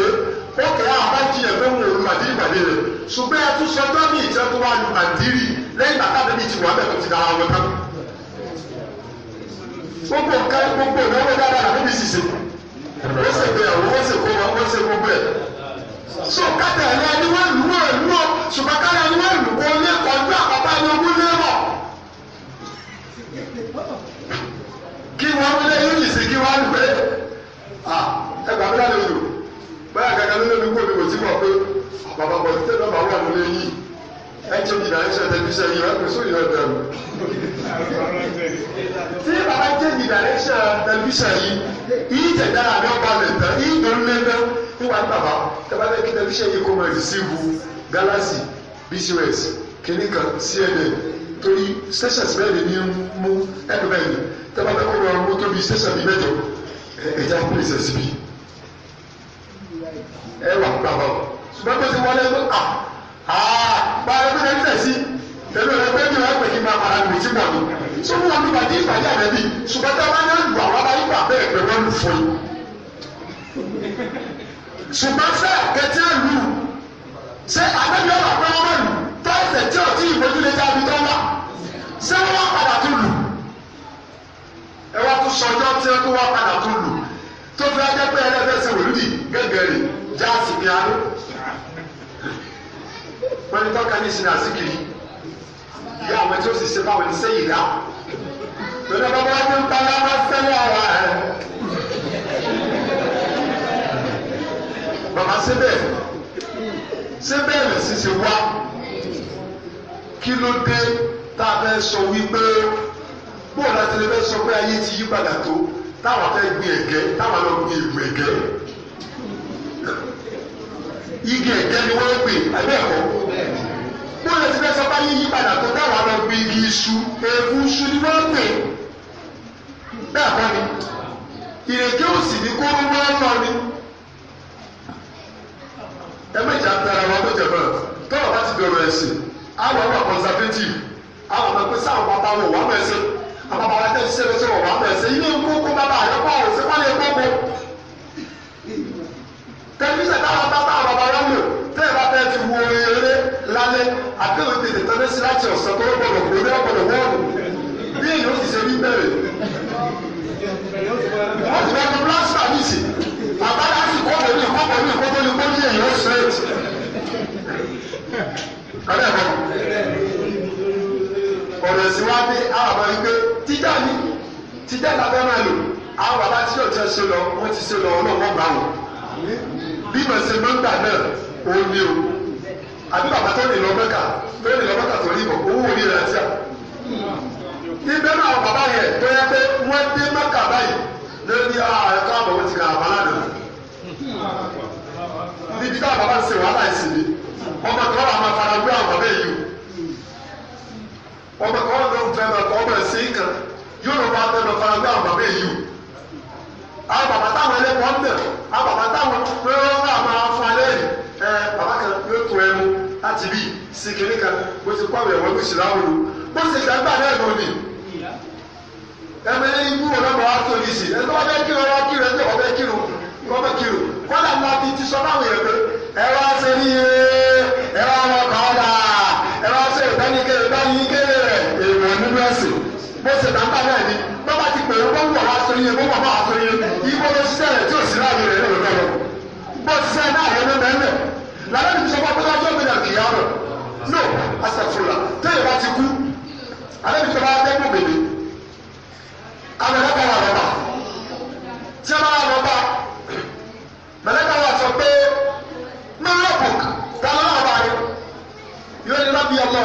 ó kẹ́ àbájí ẹ̀ fẹ́ wọn lu bàdìrì pàdé rẹ̀ ṣùgbọ́n ẹ tún sọ tó bí ìjọ tó wà lu bàdìrì lẹ́yìn bàtà so kátà ẹ̀rọ ni wọ́n lù wọ́n lù ó ṣùgbọ́n kára ni wọ́n lù wọ́n lé ọdún àkọ́kọ́ ni ogún lé wọ̀. kí wọ́n wọlé yìí sí kí wọ́n lù pé ẹ gbà bí wọ́n lè lò báyà kankan ló lè lù kó mi kò sí wọ̀ pé bàbá bọ̀ sí tẹ́lẹ̀ bàbá wà lórí yìí ẹ jẹ́ ìdá ẹ̀ ṣẹ̀tẹ̀ bí sẹ́yìn ẹ̀ pèsè ìyọ̀ ẹ̀dẹ̀rù. tí bàbá jẹ́ ìdá ẹ̀ ṣẹ̀ tẹ̀lifíṣàn yìí ìyí tẹ̀ dára ní ọba wíwá bàbá tẹ́lá fẹ́ kí tẹlifíṣàn yìí kó máa rìsíìvù galaxy bcos kìnní kan cnn torí stations mẹ́rin ní mú ẹ̀dùn mẹ́rin tẹ́lá fẹ́ kó máa mú tóbi station bíi mẹ́jọ ẹ̀já pèsè síbi ẹ wà bàbá ṣùgbọ́n tó ti wọlé ló à á bá a lọ́dún ẹni tẹ̀sí tẹ̀lé rẹ pé mi ò pè kí n máa para mi tí mo ní sọ́kùn wọn ní bàtí ìpàdé àrẹ́bí ṣùgbọ́n tẹ́lá náà lù àwọn abáyé gbà bẹ́ẹ̀ pé wọ́n lù fún yìí ṣùgbọ́n fẹ́ kẹtí àlù ṣé àbẹ́bí ọ̀rọ̀ pé wọ́n lù tẹ́sẹ̀ tí ò tí ìbòjú lè jáde tó wá ṣé wọ́n padà tó lù ẹ wá tó sọjọ́ tí wọ́n wá padà tó lù tó fi ajẹ́ pé ẹlẹ́fẹ̀ẹ́sẹ̀ wòlúdì gẹ́gẹ́rì jáàsì ní adó wọ́n ní tọ́ka ní sinmi àsìkiri ìyá àwọn tí ó sì ṣe báwọn ní sẹ́yìn rà lọ́dọ̀ bàbá wọn ti ń pa lábá sẹ́lẹ̀ ara rẹ̀. bàbá síbẹ̀ síbẹ̀ lè ṣiṣẹ́ wá kí ló dé tá a fẹ́ sọ wípé bóun láti lè fẹ́ sọ pé ayé ti yí padà tó táwọn fẹ́ gbin ẹ̀gẹ́ táwọn lọ gbin ìgbìn ẹ̀gẹ́ igi ẹ̀gẹ́ ni wọ́n gbìn abẹ́ ẹ̀kọ́ bóun láti fẹ́ sọ pé ayé yí padà tó táwọn lọ gbin igi iṣu èèfù iṣu ni wọ́n gbìn bẹ́ẹ̀ kọ́ ni ìrèké òsì ni kó ń lọ ni ẹ méjì àtàrà wọn méjì ẹ̀fọ́ tọ́lọ̀ bá ti bẹ̀rẹ̀ ẹ̀sìn àwọn ọmọ conservative àwọn ọmọ pẹ́sẹ́ àwọn bàbá wọn wà mẹ́sẹ̀ àwọn bàbá wọn tẹ̀sí ẹ̀rẹ́sẹ̀ wọn wà mẹ́sẹ̀ ilé ìkókó bàbá àyọ̀kọ́ ọ̀sẹ̀ wọn lè kókó. tẹlifíṣẹ̀ táwọn bàbá àwọn bàbá wọn lò tẹ́lẹ̀ bá fẹ́ ti wo eré lálẹ́ àbẹ̀wò tètè tẹ́lẹ̀ sí láti ọ̀sán tó gbọdọ̀ kó ní ọ̀gbọ̀dọ̀ wọ́ọ̀lù bí èyí ó ti ṣe ní bẹ̀rẹ̀. wọ́n ti bá títẹ̀ lábẹ́ máa lò àwọn bàbá tí yóò tẹ́ ṣe lọ wọ́n ti ṣe lọ ọlọ́wọ́ wọn bí mo ṣe máa ń gbà náà ó ní o àbí bàbá tó rìn lọ tó rìn lọ tó bọ̀ owó orí rẹ̀ ibẹ̀ náà àwọn bàbá yẹn tó yẹ pé wọ́n dé báyìí lórí ah, ti kà bàbá ń ṣe wàhálà ìsinmi ọmọ wà máa fara gbé o ọmọ fẹ́ máa kọ́ ọmọ ẹ̀sìn yóò lọ wá bẹ́ẹ̀ lọ fara gbé àwọn bàbá èyí o àwọn bàbá táwọn ẹlẹ́kọ̀ọ́ ń bẹ̀ àwọn bàbá táwọn pé wọ́n náà máa fún alẹ́ yìí ẹ bàbá kan yóò tó ẹmu láti bí sí kiri kan bó ti kọ́ ẹ̀wọ̀n bó sì láwùrọ̀ bó sì dàgbà náà lónìí ẹmẹ ikú wọn bọ wá tóbi sí ẹ lọ́wọ́ bẹ kírun ọwọ́ kírun ẹ lọ́wọ́ bẹ kírun ọwọ́ bẹ kírun kọ́dà ńlá bíi ti sọ báwọn yẹn pé ẹ wá ṣe ní ire ẹ wá wọn kọ́ ọ́ dà ẹ wá ṣe ìdánikẹ́rẹ́ ìdánikẹ́rẹ́ rẹ̀ èèwọ̀ nínú ẹ̀sìn mo ṣe tàǹtà náà ni tó bá ti pèrè kó ń wọ̀ wá sórí yẹn kó wọ̀ wá sórí yẹn ibo ló ṣiṣẹ́ rẹ̀ tí ò sí láàyè rẹ̀ ló lọ́wọ́ bó ṣiṣẹ́ náà rẹ̀ ló bẹ́ẹ̀ lálẹ́ ní sọ fún ọjọ́ mi náà kìyà rẹ̀ no asàfùlà téèyàn bá ti kú alẹ́ ní sọ bá dẹ́kù bèbè amẹ́lẹ́kọ̀ wà lọ́ba tí a bá wà lọ́ba mẹ́lẹ́kọ̀ wà sọ pé mẹ́lẹ́kọ̀ tá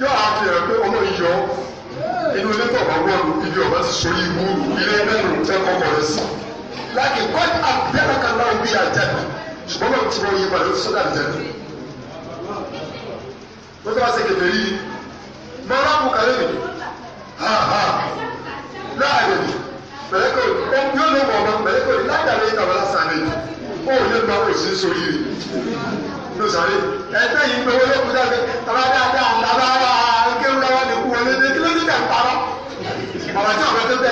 yóò á fi hàn pé ọmọ ìyọ inú ilé tọ̀gbà wọ́ọ̀lù ibi ọ̀bá ti sori ibú ilé mẹ́rin tẹ́ kọ́kọ́ rẹ̀ sí. láti god abẹ́rẹ́ kan náà bí àjẹbí ṣùgbọ́n náà tí wọ́n yí ma ló ti sọ́dà àjẹbí. wọ́n tó wá sí kẹfẹ́ yìí mọ́ra kù kàlẹ́ mi ha ha láàrin mi mẹ̀lẹ́kọ̀ yóò lé mọ̀ ọ́nà mẹ̀lẹ́kọ̀ yìí ládàá lẹ́yìn tàbí lásán mi ó yẹ ma ó sì sori rè ló sáré ẹgbẹ́ yìí gbowó lókun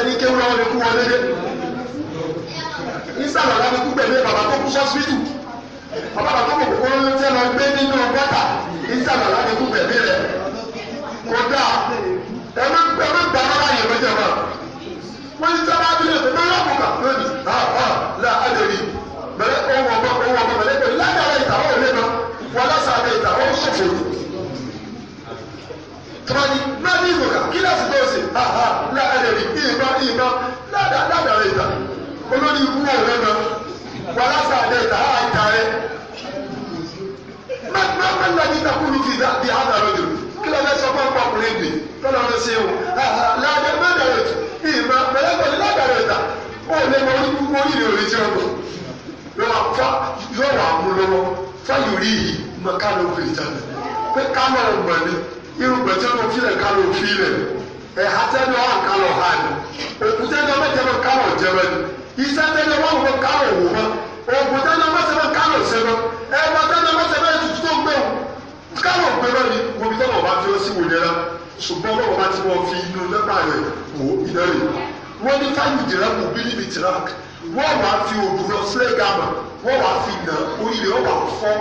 ní kéwú lọ́wọ́ lè kú wọlé dé ìsàlọ̀ lọ́wọ́ kú pẹ̀lú bàbá tó kú sọ́sibítù bàbá tó kú kó ń tẹ́ lọ gbé nínú gọ́tà ìsàlọ̀ lọ́wọ́ kú pẹ̀lú rẹ̀ kódà. lórí ikú òwe lọ wọlé sàdé ìtàhà ìtàhẹ mẹtẹmẹtẹ nàbí takùnú fi bí a nàlọ kí lọ sọ fún ọkọ ọkùnrin bì tọ́lọ́ lọ sí ewu láàbẹ mẹdàrẹ ìmọ̀ mẹlẹ́kọ̀ọ́ ní lábẹ̀rẹ̀ ìta ó lè mọ orí kúkú orí rẹ̀ tí ó lọ yóò wà yìí mọ kálọ̀ òfin ìjàmbá pé kálọ̀ ọ̀gbọ̀n ni irun gbẹ̀tẹ́ ló fi lẹ̀ kálọ̀ òfin lẹ̀ ẹ̀ hátẹ́ni ọ̀hán kálọ̀ ọ̀hán ni òkútẹ́ni ọmọ ìjẹun kálọ̀ ọ̀jẹ̀bẹ̀ ni iṣẹ́ tẹ́lẹ̀ wọ́n wọ káwọ̀ wò wọn oògùn tẹ́lẹ̀ wọ́n sẹ́fẹ́ káwọ̀ sẹ́fẹ́ ẹ̀wọ̀n tẹ́lẹ̀ wọ́n sẹ́fẹ́ tuntun tó gbé wọn káwọ̀ gbé wọn ni wọ́n fi tẹ́lẹ̀ ọba fi ó sí wò lẹ́la ṣùgbọ́n wọ́n bá ti wọ́n fi inú lẹ́pà rẹ̀ wò iná rẹ̀ wọ́n ní táyì jìrá kù bí níbi jìrá wọ́n wàá fi òbúrọ̀ flẹ́gàmà wọ́n wàá fi nà oríire wọ́n wàá fọ́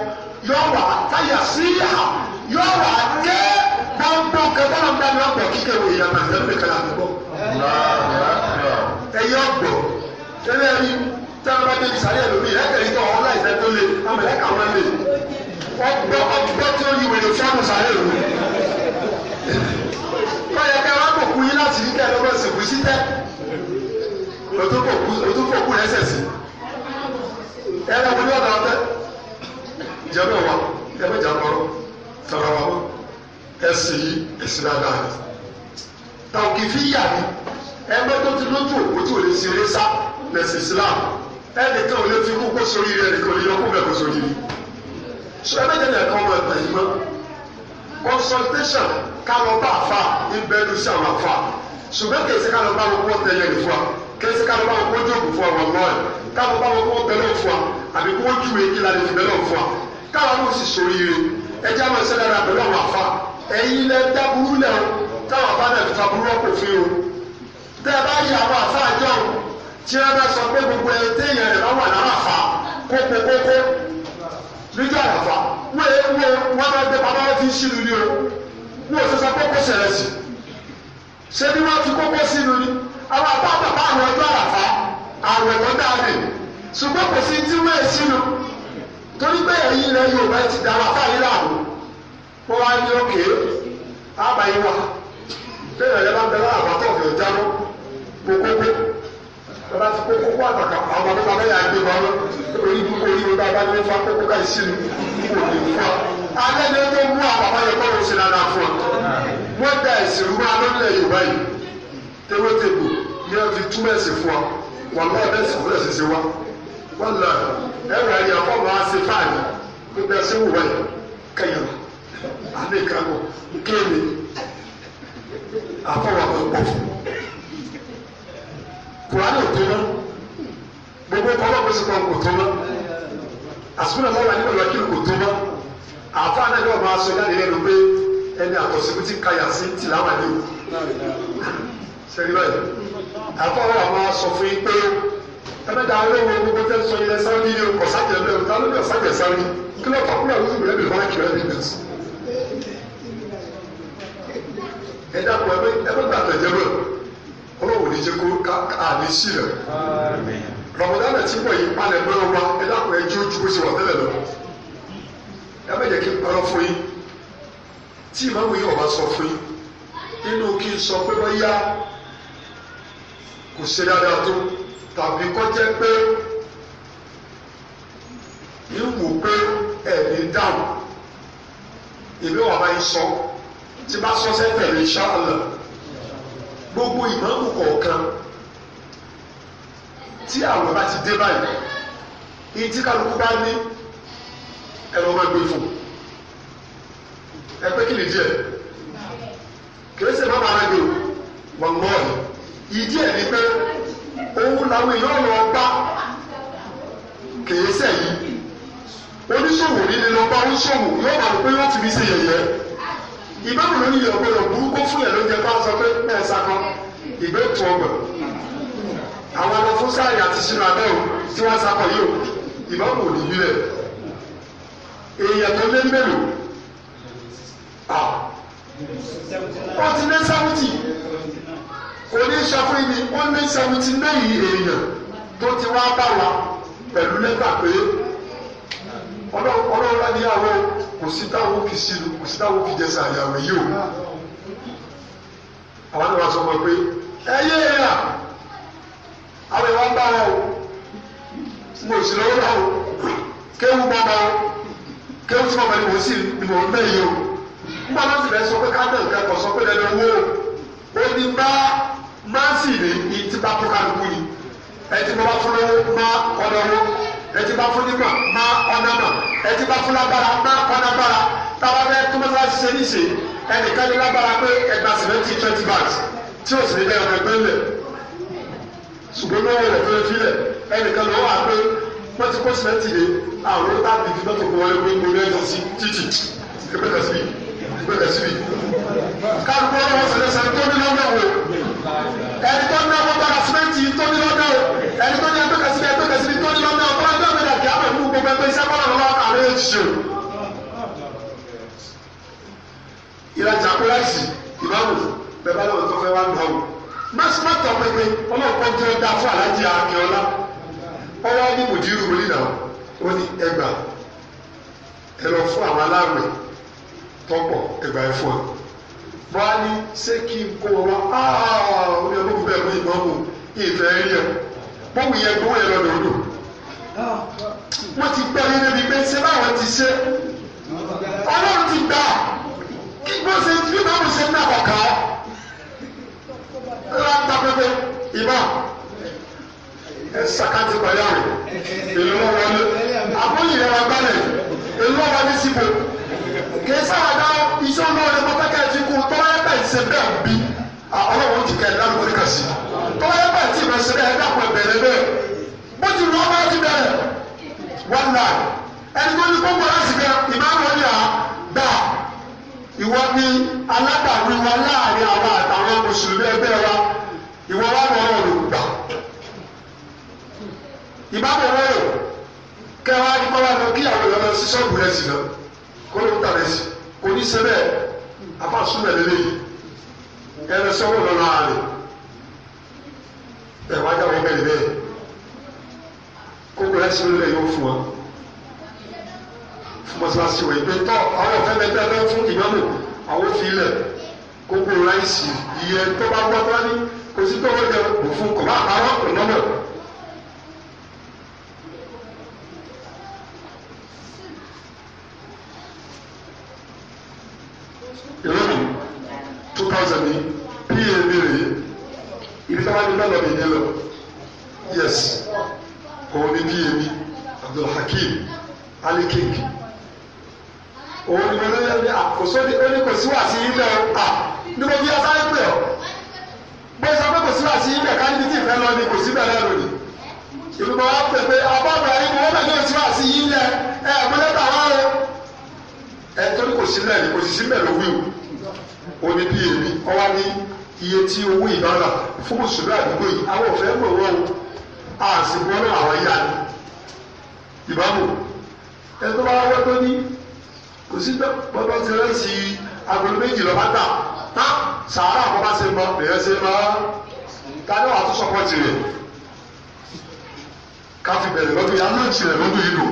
yọ wàá táyà sí ìhà yọ wàá dé gbọ́ngbọ́n kẹfọ́n náà dáná ọ̀pọ̀ kíkẹ́ wòye àmàlẹ́ ẹ̀mẹ́kẹ́lá àgbẹ̀bọ́ ẹ̀yọ́ gbọ́ tẹ́lẹ̀ rí tẹ́lẹ̀ bá débi sàrí ẹlòmíì ẹ̀kẹ́ yìí tó ọ̀hún láìsẹ́ tó lé amẹ̀lẹ́kà wọn lè ọgbẹ́ ọgbẹ́ tí ó yí wèrè sọ́nù sàrí ẹlòmíì. báyọ̀ kẹ́ wọ́n kòkú yín láti rí kẹ́ lọ́gbọ́n sìnkú sí tẹ́ òtúkòkú rẹ̀ sẹ̀ sí ẹ̀rọ wọn ni ọ̀dà ọ̀tẹ́ ìjẹ́bẹ̀ wa ẹ̀bẹ̀ jàpọ̀rọ̀ tọ̀rọ̀ wa ẹ̀sìn yìí ẹ̀sìn dáadáa tàwọn kìí fi yà ní ẹgbẹ́ tó ti lójú òkú tí ò lè ṣeré sá lẹ́sìn Islam ẹnìkan ò lè fi kókó sórí rẹ ẹnìkan ò lè yọ kó bẹ̀ kó sórí rẹ sọ ẹgbẹ́ jẹ́ ẹ̀kan ọmọ ẹ̀gbẹ́ yìí mọ́ consultation kálọ̀ bá àfa ìbẹ́nu sí àwọn àfa ṣùgbọ́n kì í ṣe kálọ̀ bá wọn kó tẹ̀lé ẹ̀ fún wa kì í ṣe kálọ̀ bá wọn kó jókòó fún wa lọ́ọ̀ kálọ̀ bá wọn kó bẹ̀rẹ̀ fún wa àbí kó ju èyí la lè fi bẹ̀rẹ̀ fún wa káwọn náà sì sọ yìí ẹ jẹ́ àwọn ìṣẹ̀lẹ̀ rà pẹ̀lú àwọn àfa ẹ̀yin lẹ́ dábúrú lẹ́ o táwọn àfa náà fi fa burú ọkọ̀ fún tẹ́ ẹ bá yí àwọn àfáàjọ tí ẹ bá sọ pé gbogbo ẹ téèyàn rẹ̀ bá wà lára fa kókókókó níjọ́ àràfà wọ́n bá gbé pamọ́ fi sínú ni o wọ́n ò sọ kókó sẹ̀rẹ̀ sí ṣé bí wọ́n fi kókó sínú ni àwọn àpá bàbá àwọn ọjọ́ àràfà àwẹ̀ tó dáadé ṣùgbọ́n kò sí tí wọ́n ẹ sínú torí pé ẹ̀yin ilẹ̀ Yorùbá ti dá wà fáyín láàbò wọ́n wá ní òkè àbáyé wà téèyàn yẹn bá ń bẹ lára àbá tó fi jábọ́ kókókó bàbá ti kókókó àtàkà àwọn ọmọ bàbá yà gbé wọn orí dúró orí wọn bàbá ní fa kókó ká ìsinu kò lè fa alẹ́ ní tó mú àbàbá yẹn kọ́ ló ṣe dáadáa fún ọ wọ́n da ẹ̀sìn rú alọ́lẹ̀ yorùbá yìí tewétebù ní wọ́n fi túmọ̀ ẹ̀sìn fún ọ wọn náà bẹ́ẹ̀ sì fúnlẹ̀ ṣiṣẹ́ wa wọn lọ ẹ̀rọ ayé ọkọ̀ máa ṣe fáàlì pípẹ́ sí wùwá yìí kẹyàn àbí ìkàgbọ̀ kéèmé àfọwọ́ àwọn ìgbà fún un. kùránì ò tẹ́lẹ̀ gbogbo kọ́lọ́ kó sì kọ́ kò tẹ́lẹ̀ àsìkò náà wà nínú ìwájú kò tẹ́lẹ̀ àfọ anájọ́ máa sọ jáde lẹ́nu pé ẹni àtọ̀síkú ti kàyà sí tìláwà ní o. sẹ́yìn báyìí àfọwọ́ àwọn aṣọ fún yín pé ẹlẹ́dà olówó gbogbo tẹ́ sọ ilẹ̀ sáwọn ilé ọkọ̀ sájẹ̀ bẹ́ẹ̀ ọ̀tá ló bẹ̀ sájẹ̀ sáwọn kí ló kọ́ kúrò àwọn ìgbìyànjú fún àkìrẹ́ bíbélì. ẹ dàpọ̀ ẹ bẹ gbàgbọ́ ẹ̀jẹ̀ rẹ̀ ọlọ́wọ́ ní jẹ́ kó ká ní sí rẹ̀ rọ̀mọ̀dá náà ti wọ̀ yí palẹ̀ mọ́ wa ẹ dàpọ̀ ẹ jó ju bó ṣe wà tẹ́lẹ̀ lọ ẹ bẹ jẹ́ kí n parọ́ fún yín tí ìmáwé yìí ọba sọ fún yín nínú kí n sọ pé wọ́n yá kò ṣe dáadáa tó tàbí kọ́ pé ń pé ẹ̀mí dáhùn èmi wà bá yín sọ tí bá sọ́sẹ́ tẹ̀lé ṣáàlọ̀ gbogbo ìmáàmù kọ̀ọ̀kan tí àwọn bá ti dé báyìí iye tí kálukú bá ní ẹ̀rọ máa gbé fún ẹgbẹ́ kìlì díẹ̀ kìrìsì má bàa rẹ̀ wọ̀n lọ́ọ̀lì ìdí ẹ̀ ni pé òun làwọn èèyàn lọ bá kìrìsì yìí oníṣòwò nílẹ̀ lọ bá oníṣòwò yóò máa rò pé yóò ti fi ṣe yẹ̀yẹ́ ìbámu ló ní yẹ ọgbẹ lọ burúkú fún yẹ ló jẹ bá sọ pé bẹ́ẹ̀ sakọ ìgbé tu ọgbẹ àwọn ọmọ fún sáyà àti sinu abẹ o tí wọn sakọ yìí o ìbámu ò ní bí rẹ èèyàn tó lé mélòó à wọn ti lé sáwùtì kò ní sọfún mi wọn lé sáwùtì lẹ́yìn èèyàn tó ti wá bá wa pẹ̀lú lẹ́gbàá pé ọlọ́run ọlọ́run láti yà kò sí táwọn fi sílu kò sí táwọn fi jẹsẹ àyàwó yìí o àwọn náà sọ wọn pé ẹ yé e rà àwọn ìwà ń bá wọn o mo sì lọ́wọ́ náà o kéwù bọ́ bá o kéwù tí mo bá ní mo sì ní mo yìí o nígbà tó sì fẹ́ sọ pé káńtà nǹkan kan sọ pé lẹ́nu owó o ní bá máa sì rè ní tí bá tó kálukú ni ẹ ti bọ́ bá fún lọ́wọ́ má kọ́ lọ́wọ́ ẹtí bá fún nímọ̀ máa ọ̀nà mọ̀ ẹtí bá fún lágbára máa ọ̀nà gbára táwa bẹ tó bá ṣiṣẹ́ níṣe ẹnìkan ní lágbára pé ẹgbà sìmẹ́ntì twenty bags tí o sì ní bẹ́ẹ̀ ọ̀nà gbẹ́lẹ̀ ṣùgbọ́n ní ọ̀rẹ́ tó lè filẹ̀ ẹnìkan ló wà pé wọ́n ti kó sìmẹ́ntì lé àwọn ó tàbí fi mọ́tò kó wọlé gbogbo ní ẹ̀jọ̀ sí títì ìpẹ́tẹ̀ síbi ìpẹ́tẹ̀ síbi kálukú ọlọ́wọ́ sẹ̀lẹ̀ sẹ̀lẹ̀ tó ní lọ́nà wò ẹni tó ní ọmọ gbára sìmẹ́ntì tó ní lọ́nà wò ẹni tó ní ẹgbẹ́ kẹsìlẹ̀ ẹgbẹ́ kẹsìlẹ̀ tó gbogbo ẹgbẹ́ iṣẹ́ bọ́lá lọ́wọ́ àárẹ̀ ètùtù. ìrajà pé láìsí ìmáàmù bẹ́ẹ̀ bá lọ́wọ́ tó fẹ́ wá ń dáwọ́. mọ́símọ́tò pépé ọlọ́ọ̀kan tó dá fún aláàjì akínọlá ọwọ́ ní mùdírù orí náà ó ní ẹgbà ẹ lọ fún àwọn aláàwẹ̀ tọ́pọ̀ ẹgbà ẹ fún ọ. wọ́n á ní ṣé kí n kó wọn wá orí ọdún bẹ́ẹ̀ mú ìmáàmù ìfẹ́ rí ẹ bóun yẹ gbówó yẹ lọ́dọọdún wọ́n ti gbẹ́ yín débi pé ṣé báwọn ti ṣe ọlọ́run ti gbà kí wọ́n ṣe bí báwọn ṣe ń nà ọ̀kà ọ́ ẹ máa ń ta pépé ìmọ̀ ẹ ṣàkàtì pẹ̀lú àrùn èlò wọn wọlé àbúrò yìí wọn gbálẹ̀ èlò wọn wọlé síbò kì í sábà dá iṣẹ́ olóore lè mọ pẹ́kẹ́ ti kú tọ́lá ẹgbẹ́ ìṣe bẹ́ẹ̀ bí ọlọ́run ti kẹ́ ẹ̀ dánú orí kà sí tọ́lá ẹgbẹ́ ìṣe bẹ́ẹ̀ ṣe bẹ́ẹ̀ ẹ̀ dàpọ̀ ẹ̀bẹ̀rẹ̀ bẹ́ẹ̀ bó ti lọ́ bá ti bẹ̀rẹ̀ wọ́n là ẹni tó ní kókó láti gan ìmáàmù ọ̀yà gbà ìwọ ni alábàáwí wa láàrin àwọn àtàwọn mùsùlùmí ẹgbẹ́ wa ìwọ wa lọ rọrùn gbà ìmáàmù ọ̀yà kẹwàá ní kọ́wá lọ kí àwọn ìlànà sísọ ìbúrẹ́ sí lọ kó ló ń tàbí sí kò ní sẹ́bẹ̀ afásúnmẹ̀ lélẹ́yìí ẹ̀rọ sọ́wọ́ lọ́nà àlè ẹ̀wájà wọ́n bẹ̀rẹ̀ bẹ́ẹ̀ gbogbo rẹ̀ sínú ilé yóò fún wa fún mọ́sálásí wa ìgbé tọ́ àwọn ọ̀fẹ́ mẹ́ta fẹ́ fún ìmọ̀mù àwọn òfin ilẹ̀ gbogbo ráìsì iye tó bá gbọ́ tó ní kò sí tó wọ́n jẹ kò fún kò bá parọ́ kò nọ́mọ̀. ìrọ̀lù two thousand ní pa mèrè ibi tí wọ́n á ní bẹ́ẹ̀ lọ́ọ̀ nìyẹn lọ yes òun ni bí èmi Ali King. òun ni mo lọ́yọ̀ ní àkóso ní oníkòsí wà sí ilẹ̀ o à níbo bí a sáré pè ọ́ bó sọ pé kò sí wà sí ilẹ̀ ká níbi tí ìfẹ́ lọ ni kò sí bẹ̀rẹ̀ lónìí ìlúbọ̀ wa pè pé abọ́ àbúrò yìí wọ́n bẹ̀rẹ̀ sí wà sí ilẹ̀ ẹ̀ ẹ̀gbọ́lẹ́ta wá o ẹ̀ torí kò sí mẹ́rin kò sì sí mẹ́rin lówí o òun ni bí èmi ọwá ní iye tí owó ìdọ́là fún mùsùlùmí àdúgbò yìí àwọn òfẹ́ mọ̀ wọ́n o àsìkò náà àwọn yá ni ìbámu ẹ tó bá wọ́n tó ní kò sí bọ́dọ̀ ti rẹ́ sí agolo méjì lọ́ba tà tá sàárà àkọ́bá ṣe mọ́ bẹ̀rẹ̀ ṣe mọ́ tani wàá tó sọ́kọ́ tirẹ̀ káfí bẹ̀rẹ̀ lọ́dún yìí alóòtì rẹ̀ lọ́dún yìí lò.